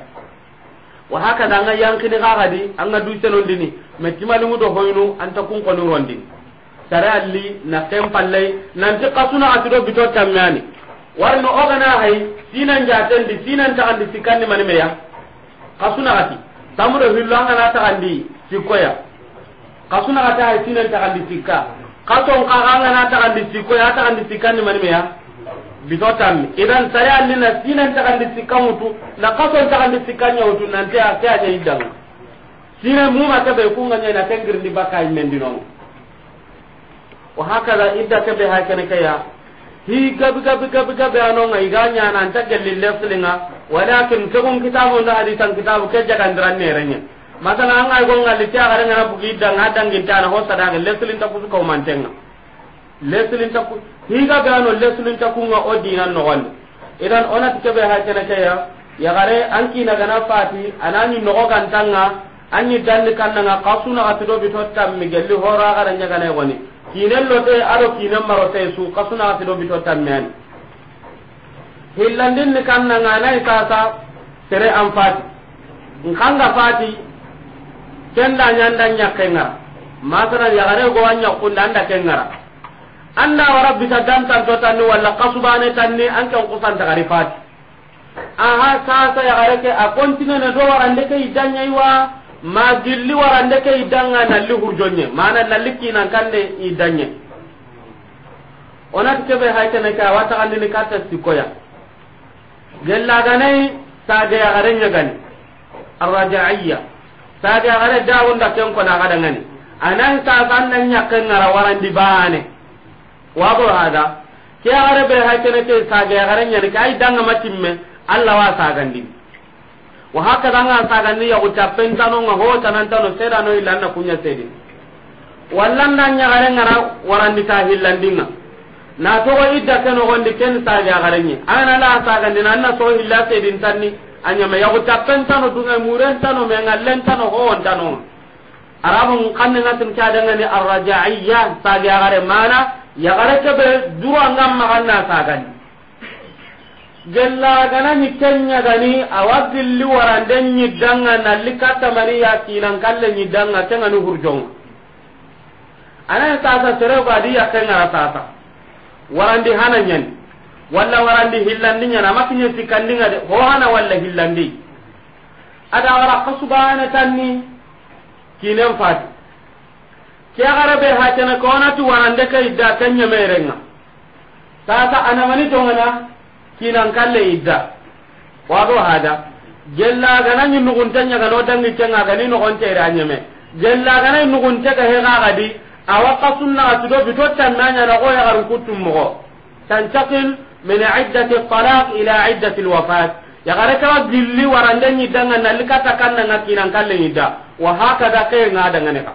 wa hakada anga yankini di an kakadi anga dusenondini ma mu do hoynu anta kunkoni rondini sare alli na ken pallay nan nanti kasuna atido bito tammani warno ogana hay sinan jatendi sinan tagandi sikkanni mani meya kasuna ati tamure hillo an gana taxandi sikkoya kasuna ga ta haysinen taxandi sikka kason kaga an gana taxandi sikkoya a taxandi sikkandi manimeya bito tammi idan sare alli na sinen taxandi sikka mutu na kason taxandi sikka ñawutu nante a ke a ñayi danga sine muma keɓe kunga ñayna kengirndi bakkayi mendinongo wa hakada idda keɓe ha kene keya hi gabi gabi gabi gabi anonga iga ñana anta gelli lefsilinga walakin kegun kitabu nda hadisan kitabu ke jaga diran ne renya masala an ay gonga li tiya garan na bugi dan hadan gintana ho sada ga leslin ta kusu ko mantenga leslin ta ku higa gano leslin ta kunga odinan no wal idan ona tike be ha kana kaya ya gare an kina gana fati anani no kan tanga anni dalli kannanga kasuna atido bito tammi gelli hora garan nyaga ne woni kinello te aro kinan maro te su kasuna atido bito tammi ani hillandin ni kanna ngana sasa tere an fati nkanga fati kenda nyanda nyakenga masana yagare go anya kunda anda kengara anda wa rabbi tadam tan to tan walla qasbane tan ni an kan kusan ta gari fati aha sasa yagare ke a kontine na do warande ke idanya iwa ma gilli warande ke idanga na li hurjonye mana na likki nan kande idanye onat kebe ne ka wata kandini kata sikoya gella ganai sage ya garen ya gani arraja'iyya sage ya garen da wanda ken ko na gadan anan ta san ya kan ngara waran bane wa go hada ke are be ha tene ke sage ya garen ya ni kai danga matimme Allah wa sagandi wa haka danga sagandi ya utappen tano nga ho tanan tano seda no na kunya sedi wallan dan ya garen ngara warandi di ta hillandinga na togo idda ken ogondi ken sagagarenye ana la sagandina anna so hilla sedin tanni anyama yago tappen tano dunga muren tano me ngallen tano ho on tano arabun kanne ngatin kadangani arraja'iyya sagagare mana yagare kebe dura ngam maganna sagani gella gana ni kenya gani awadilli warande ni danga na likata mariya kinan kalle ni danga kenga ni hurjong ana tata sere ba ya kenga tata warandi hananyen walla warandi hillandi nyana makinye sikandinga de ho hana walla hillandi ada wara kasubana tanni kinem fat kya garabe kona tu warande kai da kanya merenga tata anamani tongana kinan kalle idda wado hada jella gana nyi nugunta nya gano dangi kenga gani no gonte iranyeme gella gana nugunta ka hega gadi awa kasunna atudo bito tannanya na goya garin kutum mogo tantakil min iddati talaq ila iddati alwafat ya gare kala gilli warande ni danga na likata kanna ngakinan kalle ni da wa haka da kai nga danga ne ka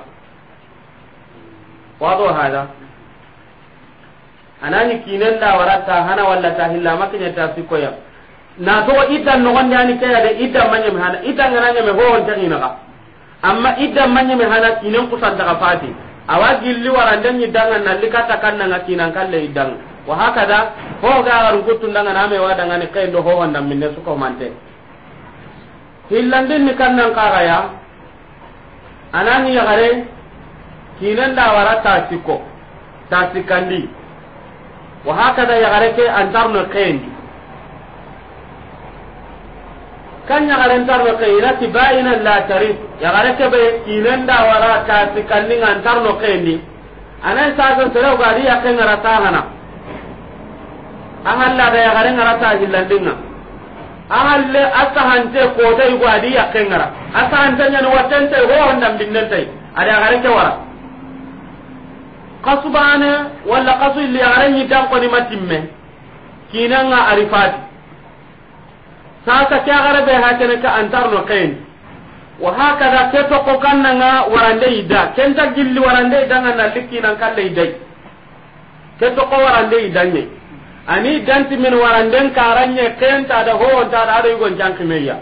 wado hada anani kinan da warata hana walla tahilla makinya tasikoya na to idan no gonda ni kaya da idda manyam hana idan ngana me ho on na ka amma idda manyam hana kinan kusan daga fati awa gilli warandenñi danga nalli katta kannanga kinan kalle iddanga wa hakada hogaarun kuttundanga namewa dangani kendo howandamminne sukomante kanna kannan karaya anani yagare kinen dawara tasiko tasikandi wa hakada yagare ke antarno kendi kan yagaren tarno ke inati bayina la tarif yagare ke be inenda wara ta tikanni ngan tarno ke ni anan sa ga sero gari yakke ngara ta hana angalla da yagare ngara ta jillandinga angalle asahante ko dai go adi yakke ngara asahante nyen watente ho ondam binnen tai ada yagare ke wara kasubane walla kasu illi yagare ni dan ko ni matimme kinanga arifati saka ke agara be kene ka antarno kain wa hakada ke to ko nga warande ida kenta gilli warande ida na likki nan le ida ke to ko warande ida ni ani danti min ranye ken ta da ho ta da do gon janki meya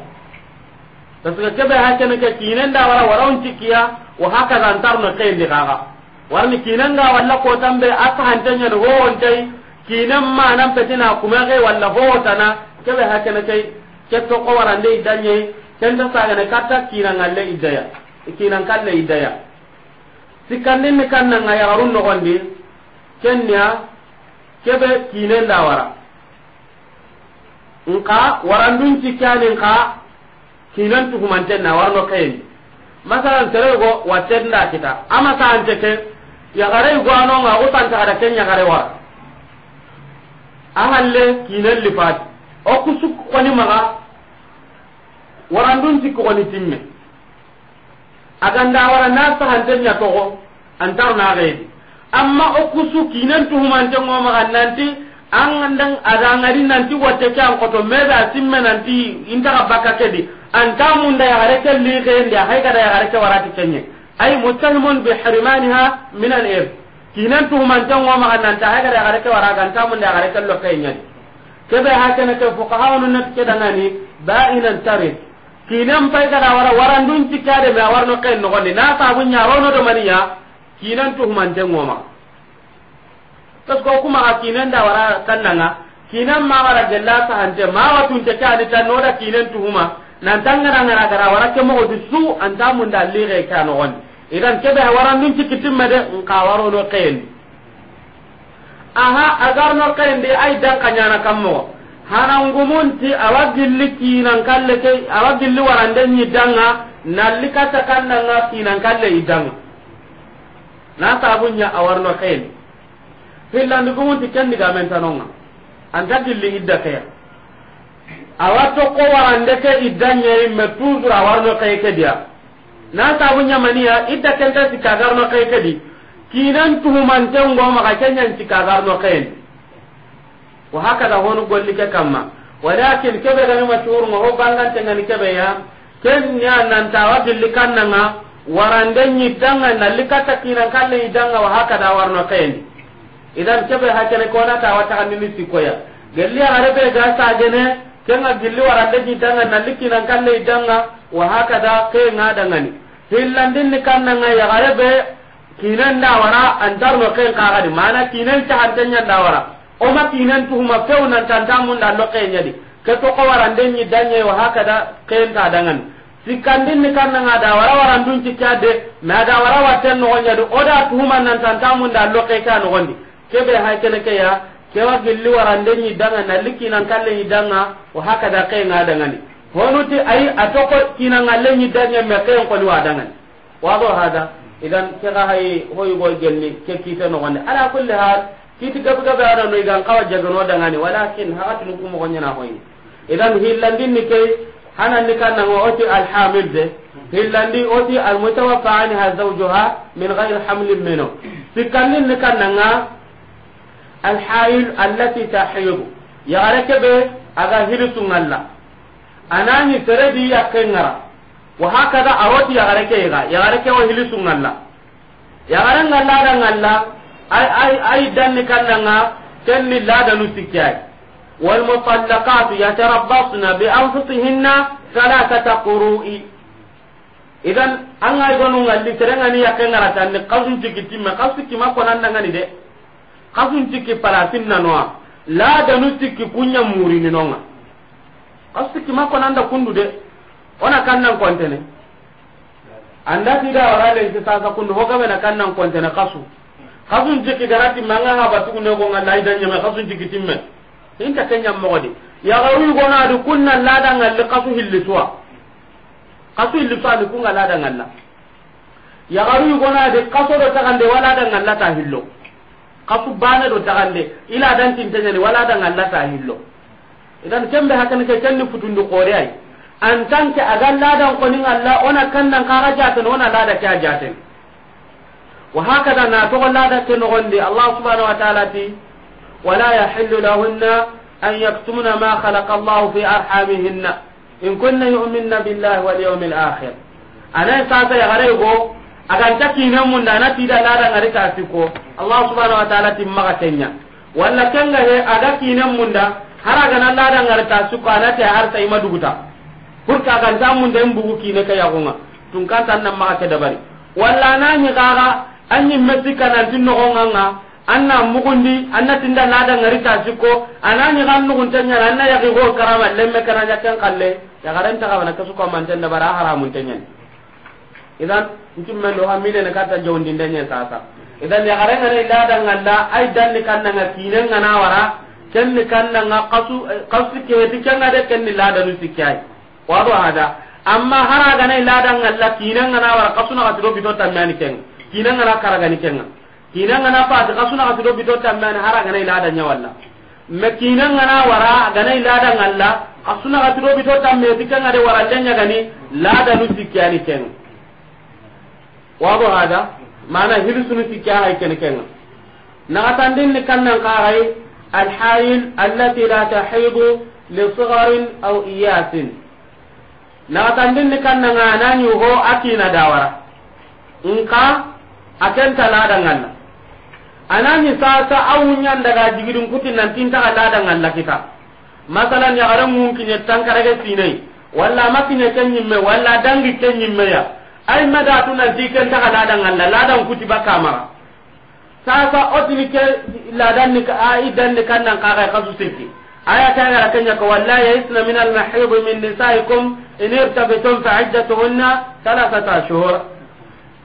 tasga ke be kene ka kinen da wara waron tikiya wa hakada antarno kain di gaga warni kinen ga walla ko tambe aka hantanya ho on tai kinen ma nan petina kuma ga walla ho tana ke be hakene kai ketto to ko warande idanye kenda sagane katta kinangalle idaya kinankalle idaya sikkandinni kannanga yagarun nogondi kenya kebe kinenda wara nka warandun cikkani nka kinan tuhumantenna warno kayendi masalan serego wattenda kita ama saanteke yagare igwanonga utantakada ken yagare wara ahalle kinelli fati o kusuk koni maga warandun sikki koni timme aganda wara na sahante nya togo antar na gedi amma o kusu kinan tuhumante ngo maga nanti angandang adangari nanti wate kyan koto meda timme nanti intaka baka kedi anta munda ya gareke liqendi hay kada ya gareke warati kenye ay muttahimun bi hirmaniha min al-ird kinan tuhumante ngo maga nanti hay kada ya gareke waraga anta munda ya gareke lokay nyadi kebe hakene ke fuqahawnu nani ba ba'inan tarid kinan pay kada wara warandun cikade me warno ken no gonde na sabu rono do maniya kinan to humante ngoma tas ko kuma a kinan da wara kannanga kinan ma wara gella ta hande ma watun te kade tan no da kinan to huma nan tangara ngara gara wara ke mo du su anda mun da lire kanu on idan kebe warandun cikitin mede ngawaro no ken aha agarno de ay danka ñana kammogo hanangumunti awa gilli kiinan kalle ke awa gilli warande ñiddanga nalli kata kannanga kiinan kalle iddanga na sabunya awarno kayndi hillandigumunti kendigamentanonga anta gilli idda keya awa tokko warande ke iddanñayi ma toujours awarno kay dia na sabunya maniya idda kenta sikka agarno kay kedi kinan tuhumanten go maga kenyan cikagarno kayen wa haka hakada honu golli ke kamma walakin kebe gani mashhur ma ho bangante ngani kebe ya ken nya nan tawa dilli kannanga warande nyi danga nalli likata kinan kalle danga wa haka hakada warno kayen idan kebe hakene ko na tawa ta kanni sikoya gelli are be ga sa gene kenga gilli warande nyi danga nalli kinan kalle danga wa hakada kayen ga dangani hillandin ni kannanga ya garebe kinen dawara antarno ken di mana kinen cahantenya dawara ma kinen tuhuma few nantantamunda lo kenyadi ke den yi danye wa haka da hakada kenta dangani sikkandin ni nga dawara warandun cikkade ma dawara watten nogonñadi oda tuhuma nantantamunda lo keka ke kebe hay ya keya wa gilli waranden ñiddanga nalli kinantalle ñiddanga wa haka da hakada kenga dangani honuti ayi atoko kinangalle ñiddanñe me ken koni wa wa wado hada idan ke ga hay hoy go kee ke kite no ala kulli hal kiiti gabu gabu ara igan kawa jagano dangani walakin haati na hoy idan hillandin ni ke hanan kan oti al hamil de hillandi ooti al mutawaffa anha zawjuha min ghairi hamlin minhu sikandin ni kan nga al hayil allati tahibu ya garake be aga hirisu ngalla anani seredi yakengara wa haka da aroti yagare ke ga yagare ke wa hilisu ngalla yagare ngalla da ngalla dan ni kan danni kannanga ni la da sikkay wal mutallaqatu yatarabbasna bi anfusihinna thalathata qurui idan an ga gonu ngalli terenga ni yakke ngara ni qasun tikiti ma qasuki ma konan nanga ni de qasun tikki palatin wa la da tikki kunya muri ni nonga qasuki ma konan da kundu de ona kannan kontene anda tida warale isi sasa kundu hoga mena kannan kontene kasu kasu jiki garati manga ha batu ne go ngala ida nyame kasu jiki timme inta kenya mogodi ya garu go na du kunna lada ngalle kasu hilliswa kasu hilliswa du kunga lada ngalla ya garu go na de kaso do tagande wala da ngalla ta hillo kasu bana do tagande ila dan tintenya wala da ngalla ta hillo idan kembe hakan ke kenni futundu qore ai an tanke aga ladan kunin Allah ona kannan kaga jaten ona lada kya jaten wa hakada na to lada no gonde Allah subhanahu wa ta'ala ti wala yahillu lahunna an yaktumna ma khalaqa Allah fi arhamihinna in kunna yu'minna billahi wal yawmil akhir ana sa ya gare go ta kinan mun da na tida lada ngari ta siko Allah subhanahu wa ta'ala ti maga tenya walla kanga he ada kinan mun da haraga na lada ngari ta siko ta har sai maduguta que kan ta mun da ki ne ka yagunga tun ka tan nan ma ka dabari walla na ni gaga yi metti kana tin no nganga anna mugundi anna tinda da ngari ta siko anani kan gunta nya anna ya ko karama lemme kana ya kan kalle ya garan ta kana kasu ko man tan da bara haramun tanya idan mutum men do ha mine ne kata jawndi ta ta idan ya garan da da ngalla ai dan ni kan nga kinen na wara ken ni kan nga kasu qasu eh, ke ti kan ada ken ni lada nu sikai wado hada amma hara gana lada ngalla kinan ngana wara kasuna ka tido bito tammani ken kinan ngana karaga ni kenga kinan ngana pa ta kasuna ka tido bito tammani hara gana lada nya walla me kinan ngana wara gana lada ngalla kasuna ka tido bito tamme dikenga de wara tanya gani lada nu sikyani ken wado hada mana hirsunu sikya hay ken kenga nagatandin ni kannan kaxay alxayil allati la taxidu lisgarin aw iyasin naxatandin ni kannanga na ho ati na dawara nka a kenta ladanganna anani sasa a wuñan daga jigidin kuti nantintaxa ladanganla kita masalan ya yaxara mun kiñe tankarage sinayi walla ma kiñe ke ñimme walla dangi ke ya ay madatu nanti kentaxa ladanganla ladan kuti bakkamaxa sasa otini ke dan ni kan nan ka ga kasu sinki aya ta gara ka ko walla yasna min al mahid min nisaikum in irtabatum fa iddatuhunna thalathata ashhur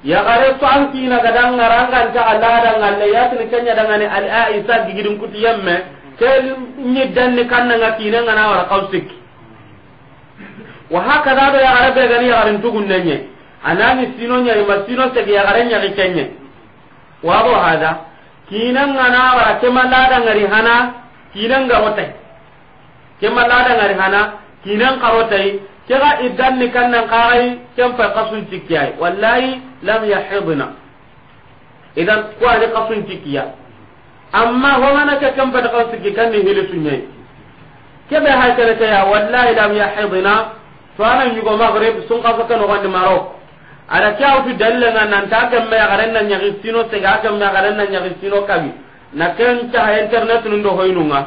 ya gare to an kina gadang ngarangan ta Allah dan Allah ya tin kanya dangane al aisa gigidun kuti yamme kel nyiddan ni kanna ngakina ngana wala kausik wa hakada do ya gare be gani ya garin tugun nenye anani sino nya ma sino te ya gare nya kenye wa bo hada kinan ngana wala kemala dangari hana kinan ga wotai kemma ladan ngari hana kinan karotai kega idanni kannan kai kem fa qasun tikiyai wallahi lam yahidna idan ko ani kasun tikiya amma ho mana ke kem fa qasun tikikan ni hili sunyai kebe ha kala ya wallahi lam yahidna to anan yugo maghrib sun qafa kan wandi maro ara kyaw tu dalle na nan ta kan me garen nan nyagistino te ga kan me garen nan nyagistino kabi na kan ta internet do hoinunga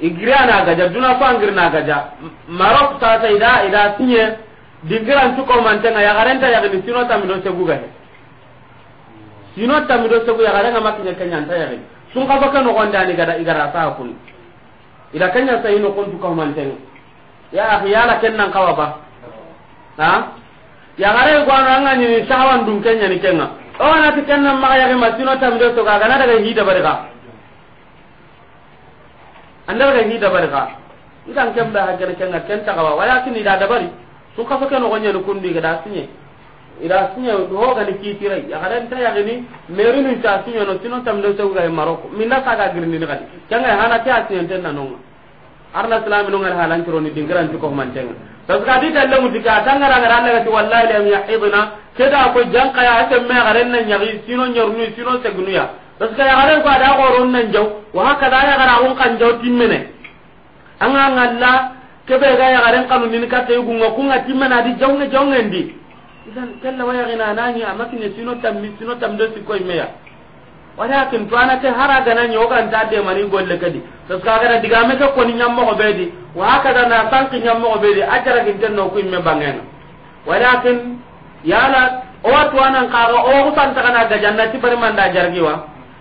igira na gaja duna ko angir na gaja marok ta ta ida ida tinye digiran tu ko mantenga ya garanta ya gni sino tamido segu gahe sino tamido segu ya garanga makinya kenya ta ya gni sun ka baka no gonda ni gada igara ta kun ida kenya sai no kun tu ko mantenga ya akhi ya la kennan kawa ba ha ya gare ko an anga ni sawan dun kenya ni kenga o na ti kennan ma ya gni masino tamido to ga na daga hida barka andar ga hida ga idan ba da hagar kan kan ta gawa walakin ida bari su ka fake no da kun kundi ga sunye ida sunye do ga ni kitirai ya garan ta ya gani meru ni ta sunye no tinon tam da ta ga maroko na ka ga girni ni ga kan ga hana ta sunye tan nan no arna salam no ngal halan tiro ni dingaran ti ko man tan tas ga ta lamu dika tangara ngara Allah ga ti wallahi lam yahidna keda ko jan ya ta me garan nan yagi sino ni sino segunuya parce que yagaren ko ada goron nan jaw wa haka da ya gara on kan jaw timmene an an alla be ga yagaren kanu min ka tay gunga kunga timmena di ne jaw ngendi idan kella waya gina nani ne sino tam tammi sino tam tamdo koy meya walakin to anate hara gana nyo kan ta de mari golle kadi to ka gara diga me ko koni nyammo ko bedi wa haka da na tanki nyammo ko bedi ajara gin tan no ku imme bangena walakin yala o to anan ka ga o ku tan ta kana ga jannati bari man da wa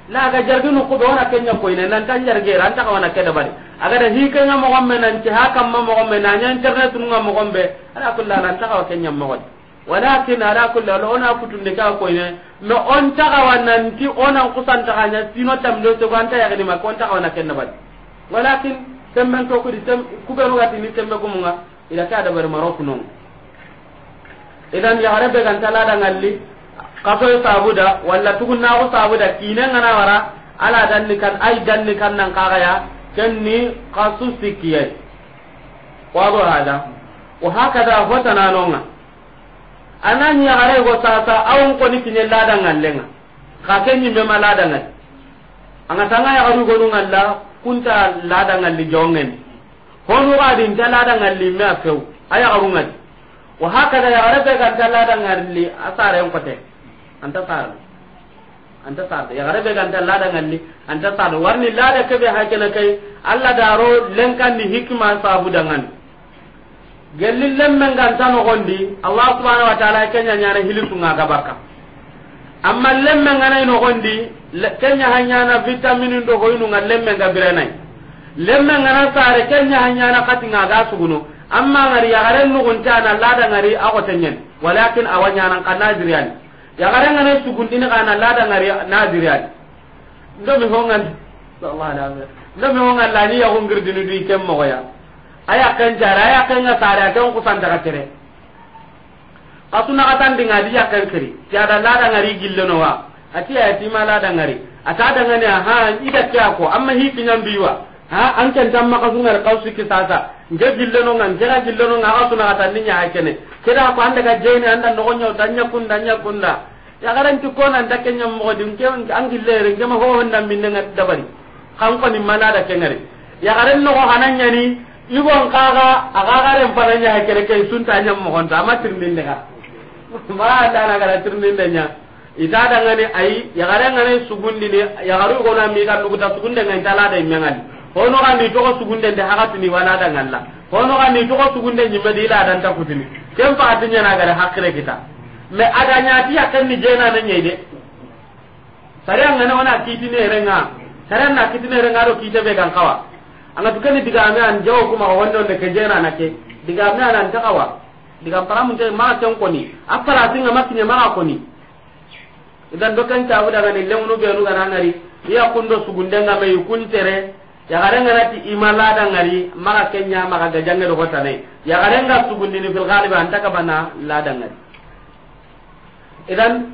la ga jargi nu kudo wana kenya ko ina nan tan jarge ran ta kawana keda bari aga da hi kenya mo gombe nan ci ha ma mo gombe nan yan internet nu mo gombe ala kullu nan ta wa kenya mo gomme walakin ala kullu ala ona kutunde ka ko ina no on ta wa nan ti ona kusan ta kanya sino tam do to kan ta ya ni ma kon ta ken kenna bari walakin temben to ku di tem ku be rugati ni tembe nga. ila ta da bari maroku non idan ya harabe kan la da ngalli kaso kasoy sabuda walla da sabuda ngana wara ala danni kan ay danni kan nan kagaya kenni kasu sikkiyay wado hada wa hakada hotananonga anani sata sasa ko ni kine ladangallenga ka ke ñimmema ladangal anga tanga yagarugonungalla kunta ladangalli jawngeni honugadinta ladangalli me a few a yagarungadi wa hakada yagare fe ganta asare ko te anta sarde anta sarde yagare be ganta lada ngalli anta sarde warni lada kebe hakena kai alla daro lenkandi hikma sabu dangan gelli lemme nganta no gondi allah subhanahu wa ta'ala kenya nyana hilisu ngaga amma ngana no gondi kenya vitamin ndo ngana sare kenya suguno amma ngari na lada ngari agotenyen walakin awanyana kanajriyan yagaranga ne sugundini kana lada ngari ndo ndomi hongan sallallahu alaihi wasallam ndomi hongan lani ya hongir dinu di kem mo ya aya kan jara aya kan ga sare ta ku sanda daga tere katuna katan dinga di ya kan kiri tiada lada ngari no wa ati ya ti ma lada ngari ata da ne ha ida kya ko amma hi pinan biwa ha an kan tan maka sungar kausu ki sasa nge gille no ngan jera gille no nga suna ta ninya hakene kira ko anda ga jeni anda no gonyo tanya kunda nya kunda ya garan ti ko nan dake nyam mo dim ke an gille re ma ho nan min nga dabari kan ko ni mana da kenare ya garan no hanan nya ni igo an kaga aga garan pananya hakere ke sun tanya mo ma amma tirmin ga ma da na gara tirmin nya ita da ngani ai ya garan ngani sugundi ne ya garu ko na mi kan ta sugunde ngai tala da ngani hono gandi togo sugunde de tuni wana da ngalla hono gandi togo sugunde nyimbe di la dan ta kutini kem fa atinya na gara hakre kita me adanya ti akan ni jena na nyede sareng ngana ona ne renga sareng na kitine renga ro kite be kan kawa anga tukani diga ame an jawo kuma wonno ne ke jena na ke diga ame an ta kawa diga paramu te ma ta ko ni apara tinga makinya ma ko ni idan dokan ta wuda ga lemu no be nu ga nanari iya kundo sugunde ngame tere yagarenganati ima ngari maga kenya maga gajange do hotane yagarenga sugundini fil ghalibi antaka bana ngari idan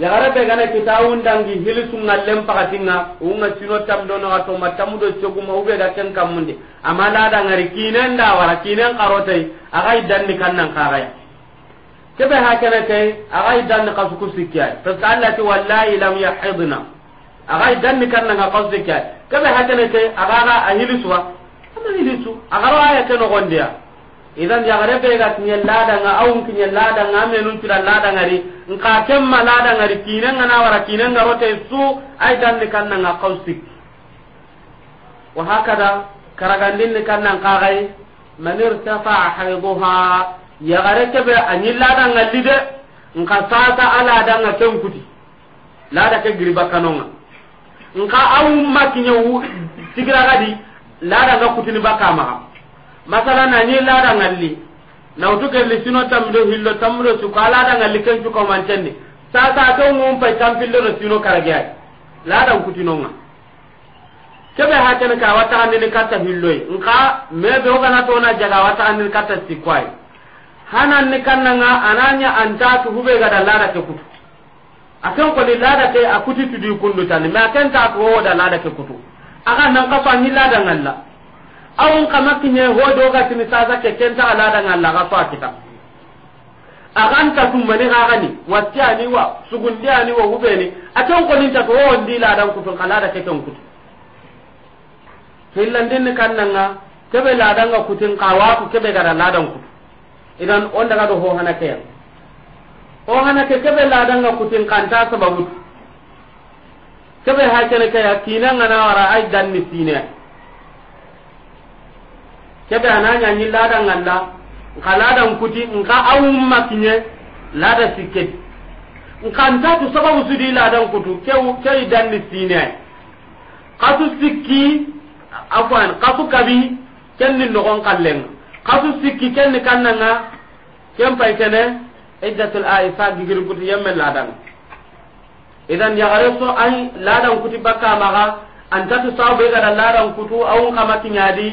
yagare be gana kitawundangi hilisunga lempakatinga unga sino tamdonoga toma tamudo soguma ube da ken kammunde ama ladangari kinen dawara kinen karotai agai danni kannan kagaya kebe hakene kai agai danni kasuku sikkiyai parce que allah ti wallahi lam yahidna agai danni kannan ga kasu kebe hakene ke agaga ahilisuwa ama hilisu agaro aya no nogondeya idan gare be ga tinye lada nga awun kinye lada nga menun tira lada ngari nka kemma lada ngari kinen nga nawara kinen nga rote su ay dan ni kanna nga kausik wa hakada karagandin ni kanna nga gai man irtafa hayduha yagare ke be anyi lada nga lide nka sata ala da nga kenkuti lada ke giriba kanonga nka awu makiñewu sigiragadi ladanga kutini bakkamaxa masala nani ladangalli nautu gelli sino tammido hillo tammido suko a ladangalli ken cukomancenni sasa keungum pay tampillero sino karageay ladan kutinonga ha hakene ka wataxandini katta hilloy e. nka me ogana tona jaga wataxandini katta sikkoay e. hananni kannanga ananya antatu huɓegada lada ke kutu akan ko ni lada ke akuti tudi kundu tani ma kan ta ko da lada ke kutu aga nan ka fani lada ngalla awun kama kinye ho do ga tini saza ke ken ta lada ngalla ga fa kita akan ta tumbani ga gani watti ni wa sugun dia ani wa hubeni akan ko ni ta ko ndi lada kutu kalada ke ken kutu din kan nan ga kebe lada ga kutin kawa ku kebe gara lada kutu idan on daga do ho hana kayan o hana ke kebe ladanga kutin kanta sababu kebe ha kaya kina ngana wara ai dan ni sine kebe ananya ni ladanga la kaladan kuti nka awum makinye lada sikke nkanta tu sababu sudi ladan kutu kewu kei dan ni sine kasu sikki afwan kasu kabi kenni nogon kallenga kasu sikki kenni kannanga kempai kene iddatul ayi fa gigir kuti yemme ladan idan yagare so ay ladan kuti bakka maga antatu sabu ga ladan kutu awun kamati nyadi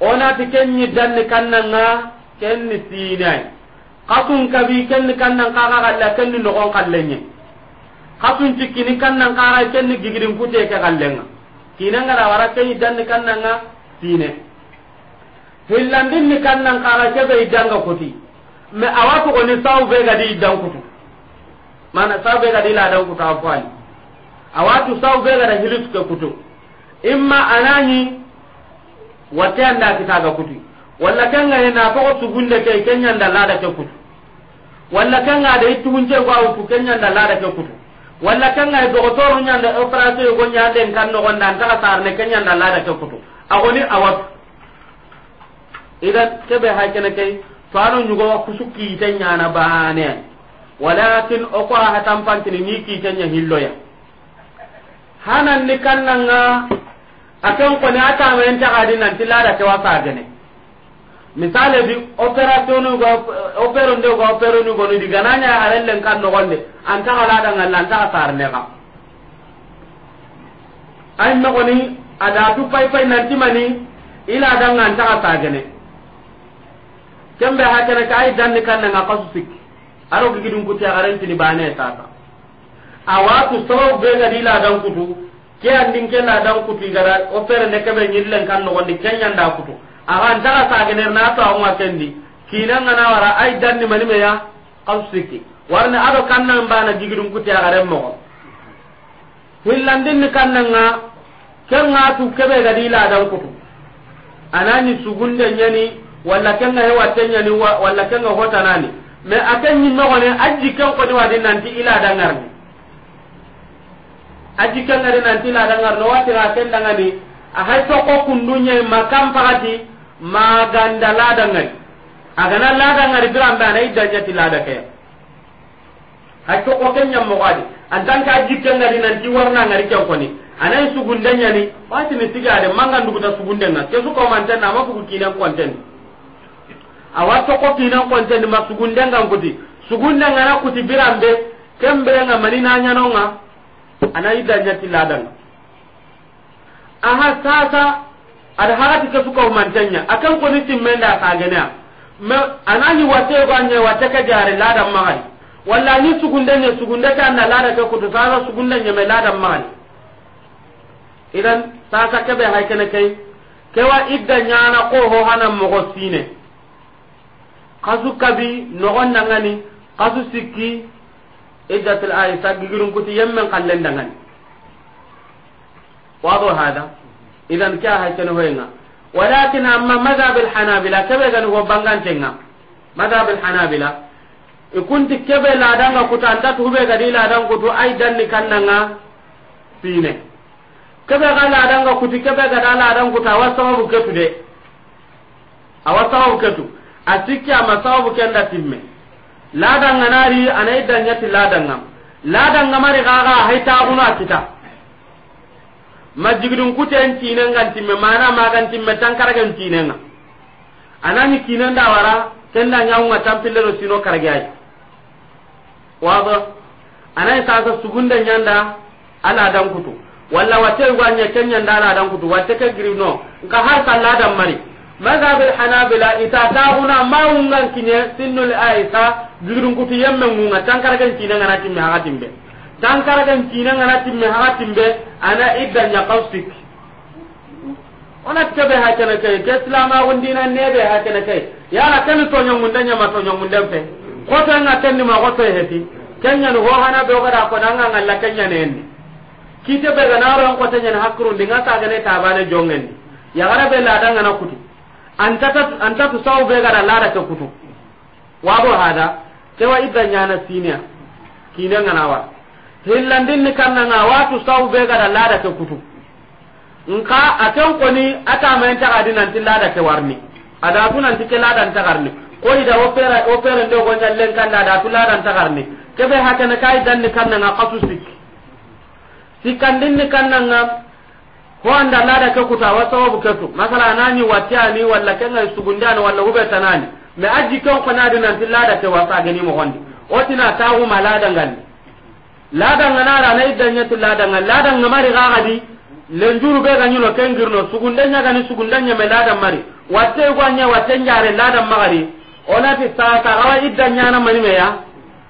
ona ti kenni danni ken ni tinai qatun kabi kenni kannan kaga galla ni nokon kallenye qatun tikini kannan ken ni gigir kuti ke kallenga kinanga da wara ni danni na tine hillandin ni kannan kaga kebe idanga kuti me awa to ni saw be ga di dan kutu mana saw be gadi di la dan kutu afwali awa to saw be ga hilis ke kutu imma anani wate anda kita ga kutu walla kanga ina ko sugunde ke kenya nda la da ke kutu walla kanga da itu munje ko au kenya la da ke kutu walla kanga dokotoro nyanda operate go nyande kan no gonda ta sarne kenya nda la da ke kutu agoni awa idan kebe hakene kai fanu nyugo kusu kiite nyana baane walakin oko hatan pantini ni kiite nya hilloya hanan ni kannanga akan ko a ata men ta gadi nan tilada ke wasa gane misale bi operation go opero ndo go opero ndo no diga nanya arellen kan no gonde anta kala da ngalla anta sarne ka ay ma ko ni ada tu pai pai nan timani ila da nganta ka gane kembe ha kene ka ay danni kan nga kasu sik aro gi gidun kutia aran tini bane tata awatu sababu be ga dila dan kutu ke andin ke na dan kutu gara opere ne kebe nyillen kan no gondi ken nda kutu aga antara sa gene na to awon akendi kinan ngana wara ay danni mani me ya kasu sik warne kan kanna bana gidun kutia aran mo hillandin ni kanna nga ken nga tu kebe ga dila dan kutu anani sugunde nyani wala kenga he wattenya ni wa walla kenga hota nani me akan ni no ne aji kan ko diwa din nanti ila dangar ni ajji kan ngari nanti ila dangar no wati ra ken ni a hay to ko kundunya makam pagati maganda la dangani agana la dangari biram ba nay danya ti la dake hay to ko ken nyam mo wadi antan ka ajji kan ni nanti warna ngari kan ko ni anay sugundanya ni wati ni tiga de mangan duguta sugundenga kesu ko manten na ma bugu kinan ko anten awa toko kinan kontendi ma sugundengan kuti sugundengana kuti biranbe kemberenga mani ana ida nya tiladan aha sasa ada hakati ke suka umantanya akan koni timmenda gena ma anani wate ganye wate ka jare ladan mahali walla ni ne sugunde ta na lada ke kutu sasa sugundenye me ladan mahali idan sasa kebe haykene kai kewa idda nyana ko ho hanan mogo sine kasu kabi nogon dangani kasu sikki iddatul aisha gigirun kuti yemmen kallen dangani wado hada idan kya hakken hoyenga walakin amma madhabil hanabila kebe gan go bangantenga madhab al hanabila ikunti kebe danga kuta anta ga gadi dan kutu ay danni kannanga sine kebe ga danga kuti kebe ga dan kuta wasawu ketu de awasawu ketu a a ama sababu da timme ladanga nari anai danyati ladanga ladanga mari a haita guna kita majigidun kuten kinen kan timme mana magan timme tankara kan kinenga anani kinen da wara kenda nyaunga tampille do sino karage ay wado yi sasa sugunda nyanda ala dan kutu walla wate gwanya kenya ala dan kutu wate ke grino nka har kan ladan mari madhab alhanabila ita taxuna ma wungan kine sinnul aisa kuti yemme ngunga tankaragen kine ngana timme ha timbe tankaragen kine ngana timme ha timbe ana idda ñakaw sik ona tabe ha kene kay ke ne nebe ha kene kay yala keni toñongunde ñama toñongunden fe ma ko to heti kenyani hohana begada konanga ngalla ni. kite be ko beganaron koteñani ta nga jongen ya garabe la be na kuti. ta tu saw be gara lada ta kutu wabo hada tewa idda nyana sinia kina ngana wa hillandin ni kanna nga tu saw be gara lada ta kutu nka aten koni ata men ta gadi nan lada ta warni ada tu nan tike lada ta garni ko ida opera opera ndo go nyallen kan da tu lada ta garni kebe hakana kai dan ni kanna nga qasu sik sikandin ni kanna nga ko anda lada ke kuta wa sababu kesu masala anani watiani walla kenga sugundani walla hube tanani me aji kan ko nadi nan lada ke wasa gani mo hondi otina ma malada ngani lada ngana ra nay danya tu lada ngana lada ngamari ga gadi lenjuru be ganyu no kengirno sugundanya gani sugundanya me lada mari watte ko anya watte njare lada magari onati sa ta awa idda nyana mani me ya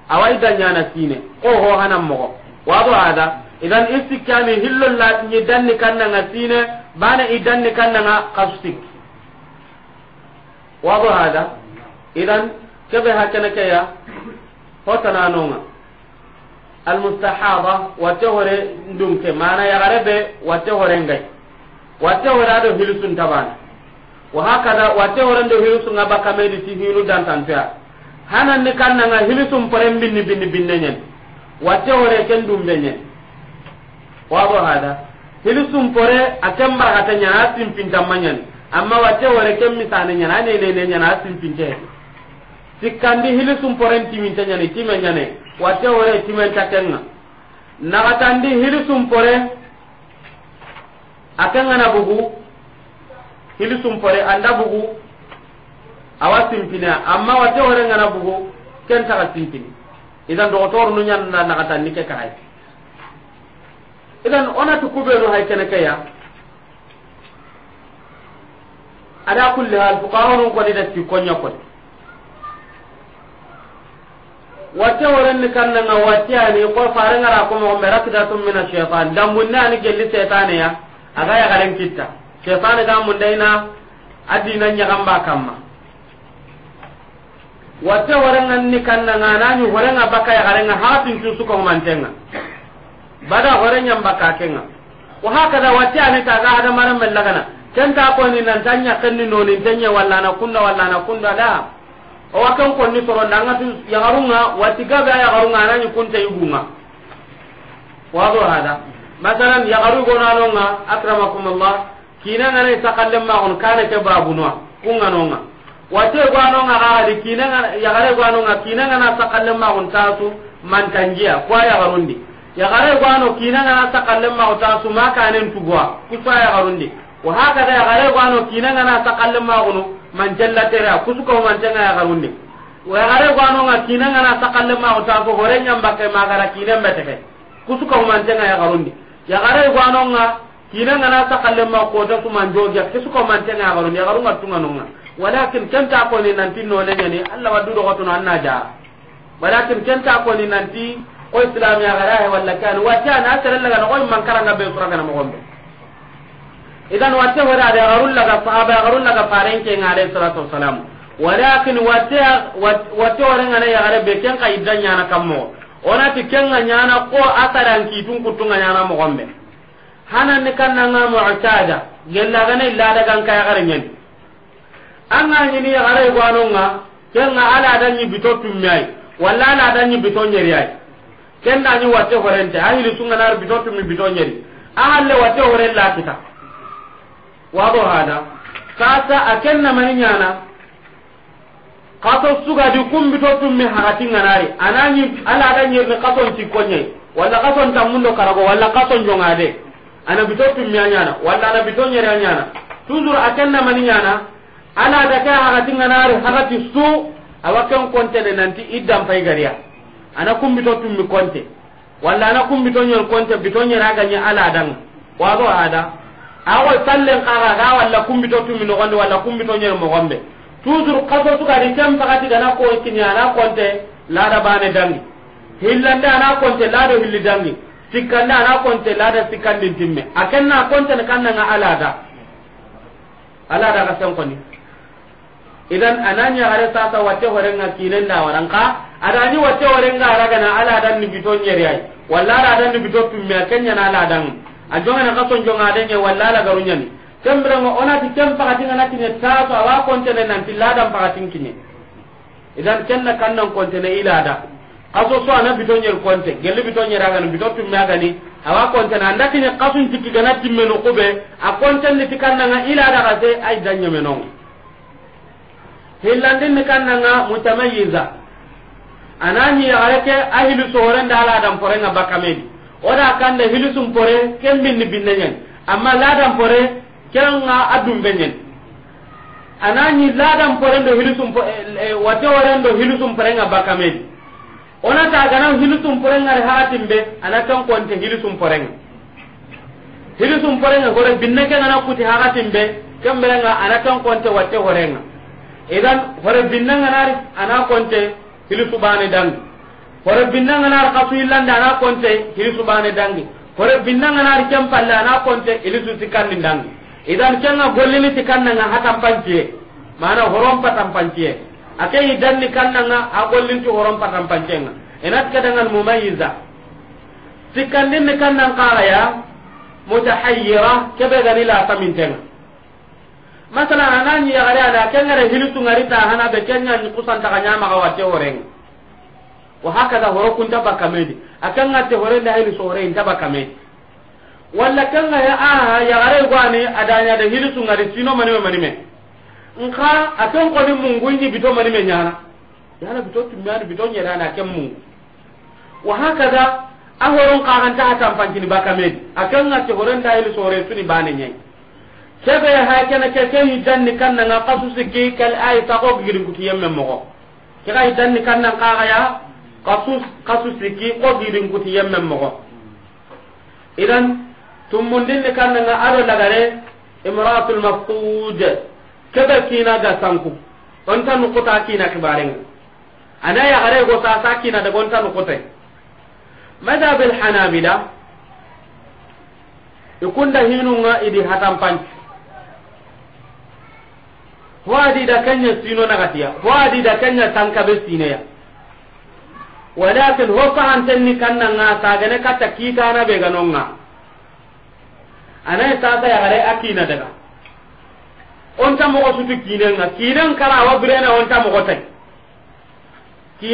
awa idda nyana sine ko ho hanan mo wa do ada idan istikki ami hillol laaɓiñi danni kannanga siine bana i danni kannanga kasu sikki wago hada idan keɓe ha kene keya hotananonga almustahaba watte hore ndumke mana yagare ɓe watte hore ngay watte hore aɗo hilisuntabana wa hakada watte hore ndo hilisunga ɓakameɗi ti hinu dantanpea hananni kannanga hilisum pore binni binni binne ñen watte hore ke ndumɓe ñen wabo hada hili a kan sumpore akem barkata nyana simpinta manyani amma wacce wore kem misane nyana ne ne ne nyana simpinte sikkandi hili sumpore timinta nyani time nyane wacce wore timenta kenga nakatandi hili a kan na bugu hili sumpore anda bugu awa simpina amma wacce wore ngana bugu kan ken taka simpini idan doktor nu nyanna nakatandi ke kai idan onati kuɓenu hay kene keya ada kulli hal fuqahanu koni datti konya koni watte worenni kannanga watte ani ko farengara komo merakidatum min ashaitan dambunne ani gelli setaneya aga yagaren kitta shaitane ga mundaina adina ñagamba kamma watte worenganni kannanga anani horenga bakka yagarenga ha tincu sukahumantenga bada gore nyamba ka kenga wa hakada wati ane ta ga hada maran mellagana ken ta ko ni nan tanya kenni no ni tanya walla na kunna walla na kunna da o wa kan ni toro nan tu ya garunga wati ga ga ya garunga nani kunta yubunga wa do hada masalan ya garu go gona nonga akramakumullah kina ngane sakalle ma on kana ke babunwa kunga nonga wate gwano nga hali kina nga go gwano nga kina nga na sakalle ma on tasu man tanjia kwa ya garundi yagare gwano kinangana sakalle maxuta suma kanen tuguwa kusa yagarundi wa hakada yagare gwano kinangana ko maxunu mancellaterea kusukahu mancenga yagarundi yagare gwanonga kinangana sakalle maxuta fo hore ñambakke magara kinembeteke kusukahu mancenga yagarundi yagare gwanonga kinangana sakalle ma ko ko su man man kota sumanjogia kusukahu mancenga yagarundi yagarunga tunganonga walakin kenta koni nanti noleñani allah waddudoxotuno an na jara walakin ne nan nanti ko islam ya gara he walla kan wata na tare laga no man na be sura kana mo idan wata wara da garul laga sahaba garul laga faren ke ngare salatu wassalam walakin wa wata wara ngana ya gara be ken kai dan yana kammo ona ti ken nyana ko ataran ki tun kutunga nyana mo gombe hanan ne kan nga mu'tada gella gane illa daga kan kay gara nyen an ga nyini ya gara gwanonga ken ala dan yi bitotum mai walla ala dan yi biton nyeri ai ken dañi watte horente a hili sunganar bito tumi bito ñeri a halle watte horen la kita wado hada kasa a ken namani ñana kaso di kum bito tummi hakati nganari anani ala da ñerni kason cikko ñayi walla kason tammundo karago walla kason jongade ana bito tummi a ñana walla ana bito ñeri a ñana toujours a ken mani nyana ala da ke harati nganari harati su awa ken kontene nanti i dampay gariya ana kumbito tummi konte walla ana kumbito ñol konte bito ñeragañi ala danga waɗo ada awo sallen kaga ga walla kumbito tummi nogonde walla kumbito ñer mogonɓe toujours kaso sugadi kem pakati ko konkini ana konte laada bane dangi hillande ana konte laado hilli dangi sikkande ana konte laada sikkandin timme a nga ala da ala da ka senkoni idan ananya are sasa wacce nga kinen da waranka adani wacce horenga araga na ala dan ni biton yeri ay walla ala dan ni biton tumme kenya na ala dan ajonga na kaso jonga den ye walla ala garunya ni kembra ngo ona ti kem pakati ngana tinye taso awa kontene nan tilada pakati kinye idan kenna kannan ila ilada kaso so ana biton yer konte gelle biton yer ga ni biton tumme aga ni awa na anda ne kaso ntiki gana timme no kube a kontene tikannga ilada kase ay danyame nongo hillandin ni kannanga mutamayyiza anani yareke ahilu soren da ala dan pore nga bakamedi oda kanda hilu sum pore ken binni binnenyen amma ladan pore kenga adum benyen anani ladan pore ndo hilu sum eh, eh, wate oren ndo hilu sum pore nga bakamedi ona ta gana hilu sum pore nga hatimbe anakan konte hilu sum pore nga hilu sum pore nga gore binne kenana kuti hakatimbe kembe nga anakan konte wate nga. idan hore binnanganari ana konte hilisu bane dangi hore binnanganari kasu illande ana konte hilisu bane dangi hore binnanganari ken palle ana konte hilisu sikkanni dangi idan kenga gollini tikannanga hatampantiye mana horon patampantiye ake idanni kannanga a gollinti horon patampancenga enat kedangan mumayiza sikkandinni kannan karaya mutahayyira kebe gani latamintenga masalan anani yagare ada kengere tu ngarita hana be kenya ni kusanta kanya ma wate horeng wa hakada horo kunta bakamedi akanga te hore da hili sore inta bakamedi walla kanga ya aha yagare gwani adanya da tu ngari sino manime manime nka aton ko ni mungu ni bito manime nyana yana bito tumyani bito nyera na kem mungu wa hakada ahoron ka hanta hatan pankini bakamedi akanga te hore na hili sore ni bane nyai kebe ha kana ke ke yidan ni kan nga qasu sikki kal ay ta ko girin kuti yemma mo ke ga yidan ni kan ka ga ya qasu qasu sikki ko girin kuti yemma mo idan din ni kan na aro lagare imratul mafqud kebe na ga sanku on tan ko ta ke bare ngi anaya gare go ta sa na da gon tan ko te madhabil hanabila ikunda hinunga idi panci ho da kanya sino na gatiya adi da be tankabe ya walakin ne fahantenni kannanga sagane katta na be ganonga ta sasa yagare aki na daga onta mogo sutu kinenga kinen kala awa birena onta ko tai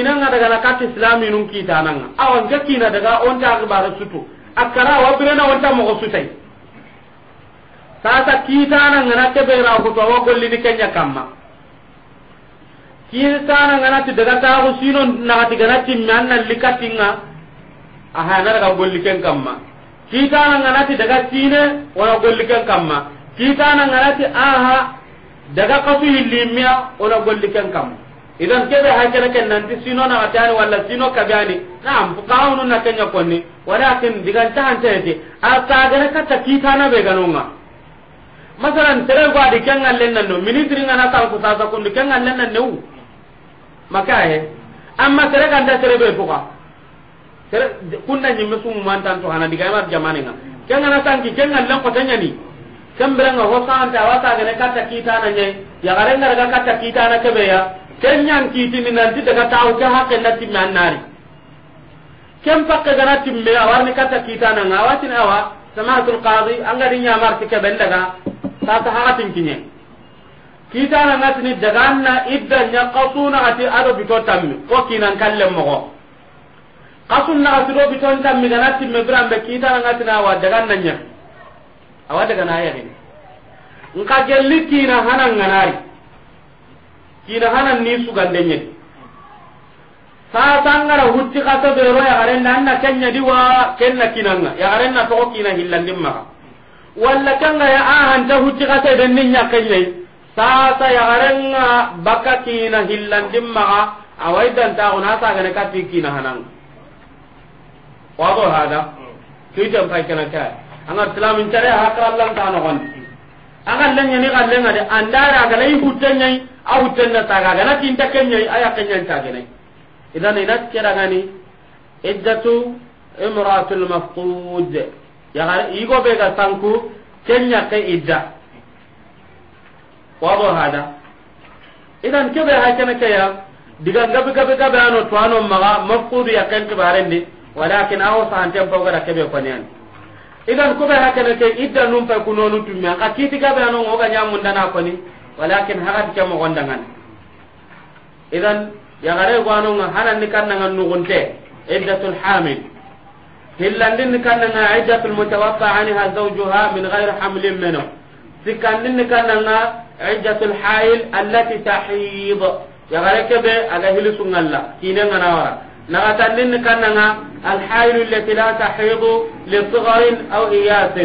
na daga na kat na kitananga awa ki na daga onta akibara sutu akara awa birena onta su sutai sasa kiitana ngana kebera ko to wa golli ni kenya kamma kiitana ngana ti daga ta ko sino na ti gana ti manna likatinga aha na daga golli ken kamma kiitana ngana ti daga tine wala golli ken kamma kiitana ngana ti aha daga kasu hillimya wala golli ken kamma idan kebe hakere ken nanti sino na atani wala sino kabani naam kaunu na kenya konni walakin digan ta hante ati asa gana kata kitana be ganonga masalan tere ko adi ken lenna nan no ministre ngana tal ko sasa ko ken ngallen nan no maka he eh, amma tere kan da tere be poka tere kunna ni mesu man tan to hana diga mar jamane nga ken ngana tan ki ken ngallen ko tanya ni ken nga ho san ta wata gane kata kita na ye ya garen ga kata kita na be ya ken nyang kiti ni nan ti daga taw ke hakke na ti man nari ken pakke gana timme ni kata kita na nga watin sama tul qadi angadi nyamar ti kebe daga sasa hakatin kinye kitana ngatini jaganna idda nya qasuna ati ado bito tammi ko kinan kallem mogo qasun na atido bito tammi gana timme brambe kitana na wa n'a nya awa daga na yahin nka gelli kina hanan nganari kina hanan ni sugande nye sasangara hutti kaso bero yagarenna anna kenya diwa kenna kinanga yagarenna toko kina hillandin maga walla kanga ya ahanta hucci kase den nin ñakkeñayi sasa yagarenga baka kina hillandin maga awai dantaxuna sagane kati kina hananga wado hada kiten pay kena kaya anga tilamin care hakra allanta nogondi n'i lenyani gallenga de andara agana i huttenyai a huttenna saga agana tinta kenyai a yakkenyancagenai idan inat kerangani iddatu imratul mafqud ya igo be ga sanku kenya ke idda wado hada idan kebe ha kana ke ya diga gabe gabe gabe ano to ano maga mafqudu ya kan ke barendi walakin aw sahan tem pa gara kebe konyan idan ko be ha kana ke idda num pa kunonu tumya ka kiti gabe ano ngoga nyamun dana koni walakin hakat ke mo gondangan idan ya gare gwanon hanan ni kan nan nugunte iddatul hamil هلندن كان عدة المتوقع عنها زوجها من غير حمل منه سكندن كان عدة الحائل التي تحيض يا غريك على هل سن الله كينا نورا نغتلن كان الحائل التي لا تحيض لصغر أو إياس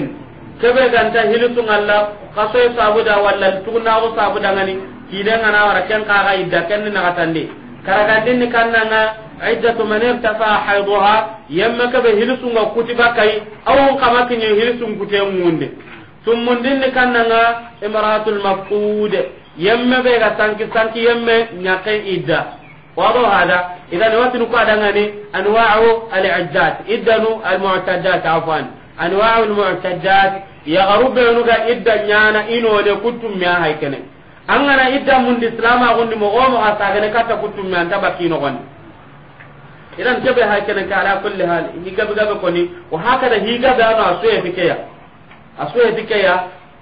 كبه غنتا هل سن الله قصي صابدا ولا تغنى صابدا غني كينا نورا كن قاقا يدا كن نغتلن كرغتلن كان عدة من ارتفع حيضها يما كبه هلسون كتبا كي أو قمكني هلسون كتبا ثم دين كاننا امرأة المفقود يما بيغا سانكي سانكي يما نقي إدى واضح هذا إذا نوات نقاد أنواع العدات إدن المعتدات عفوا أنواع المعتدات يغرب بينك إدى نيانا إنو لكتم يا هيكني angana idda mun di islam agundi mo o mo asagane kata kutum mi anta bakino gondi idan kebe ha kenan ka ala kulli hal higa biga be koni wa hakada higa be ano asuye fikeya asuye fikeya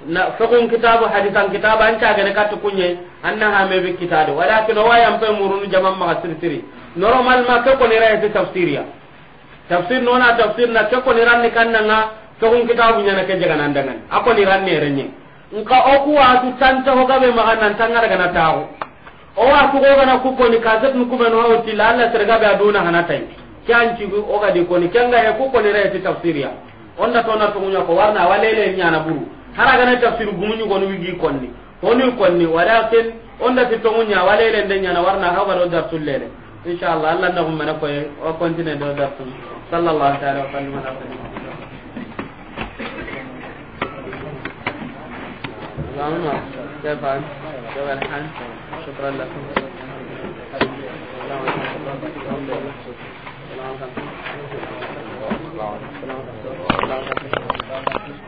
na fakun kitabu hadisan kitabu an ta gane katu kunye anna ha me be kitabe walakin wa yam pe murunu jaman ma sirtiri normal ma ke koni ra yati tafsiriya tafsir no na tafsir na ke koni ran ni kannanga fakun kitabu na ke jaga nan dangan akoni ran ne renye nka oku wa tu tanta ho gabe ma kan nan tangara kana tawo o wa ku ko na ku ko ni kaset nu kuma no hawti la Allah serga be aduna hana tay kyan ci o ga de ko ni kyan ga ku ko ni re ti tafsiriya onda to na to munya ko warna walele nya na buru hara ga na tafsiru gumunyu ko ni wigi konni honi konni walakin onda ti to munya walele den nya na warna hawa do da tullele insha Allah Allah na mu na ko o kontine do da tun sallallahu ta'ala wa sallam ala Allahumma, Stefan, Stefan Hansen. شكرا لكم Thank you.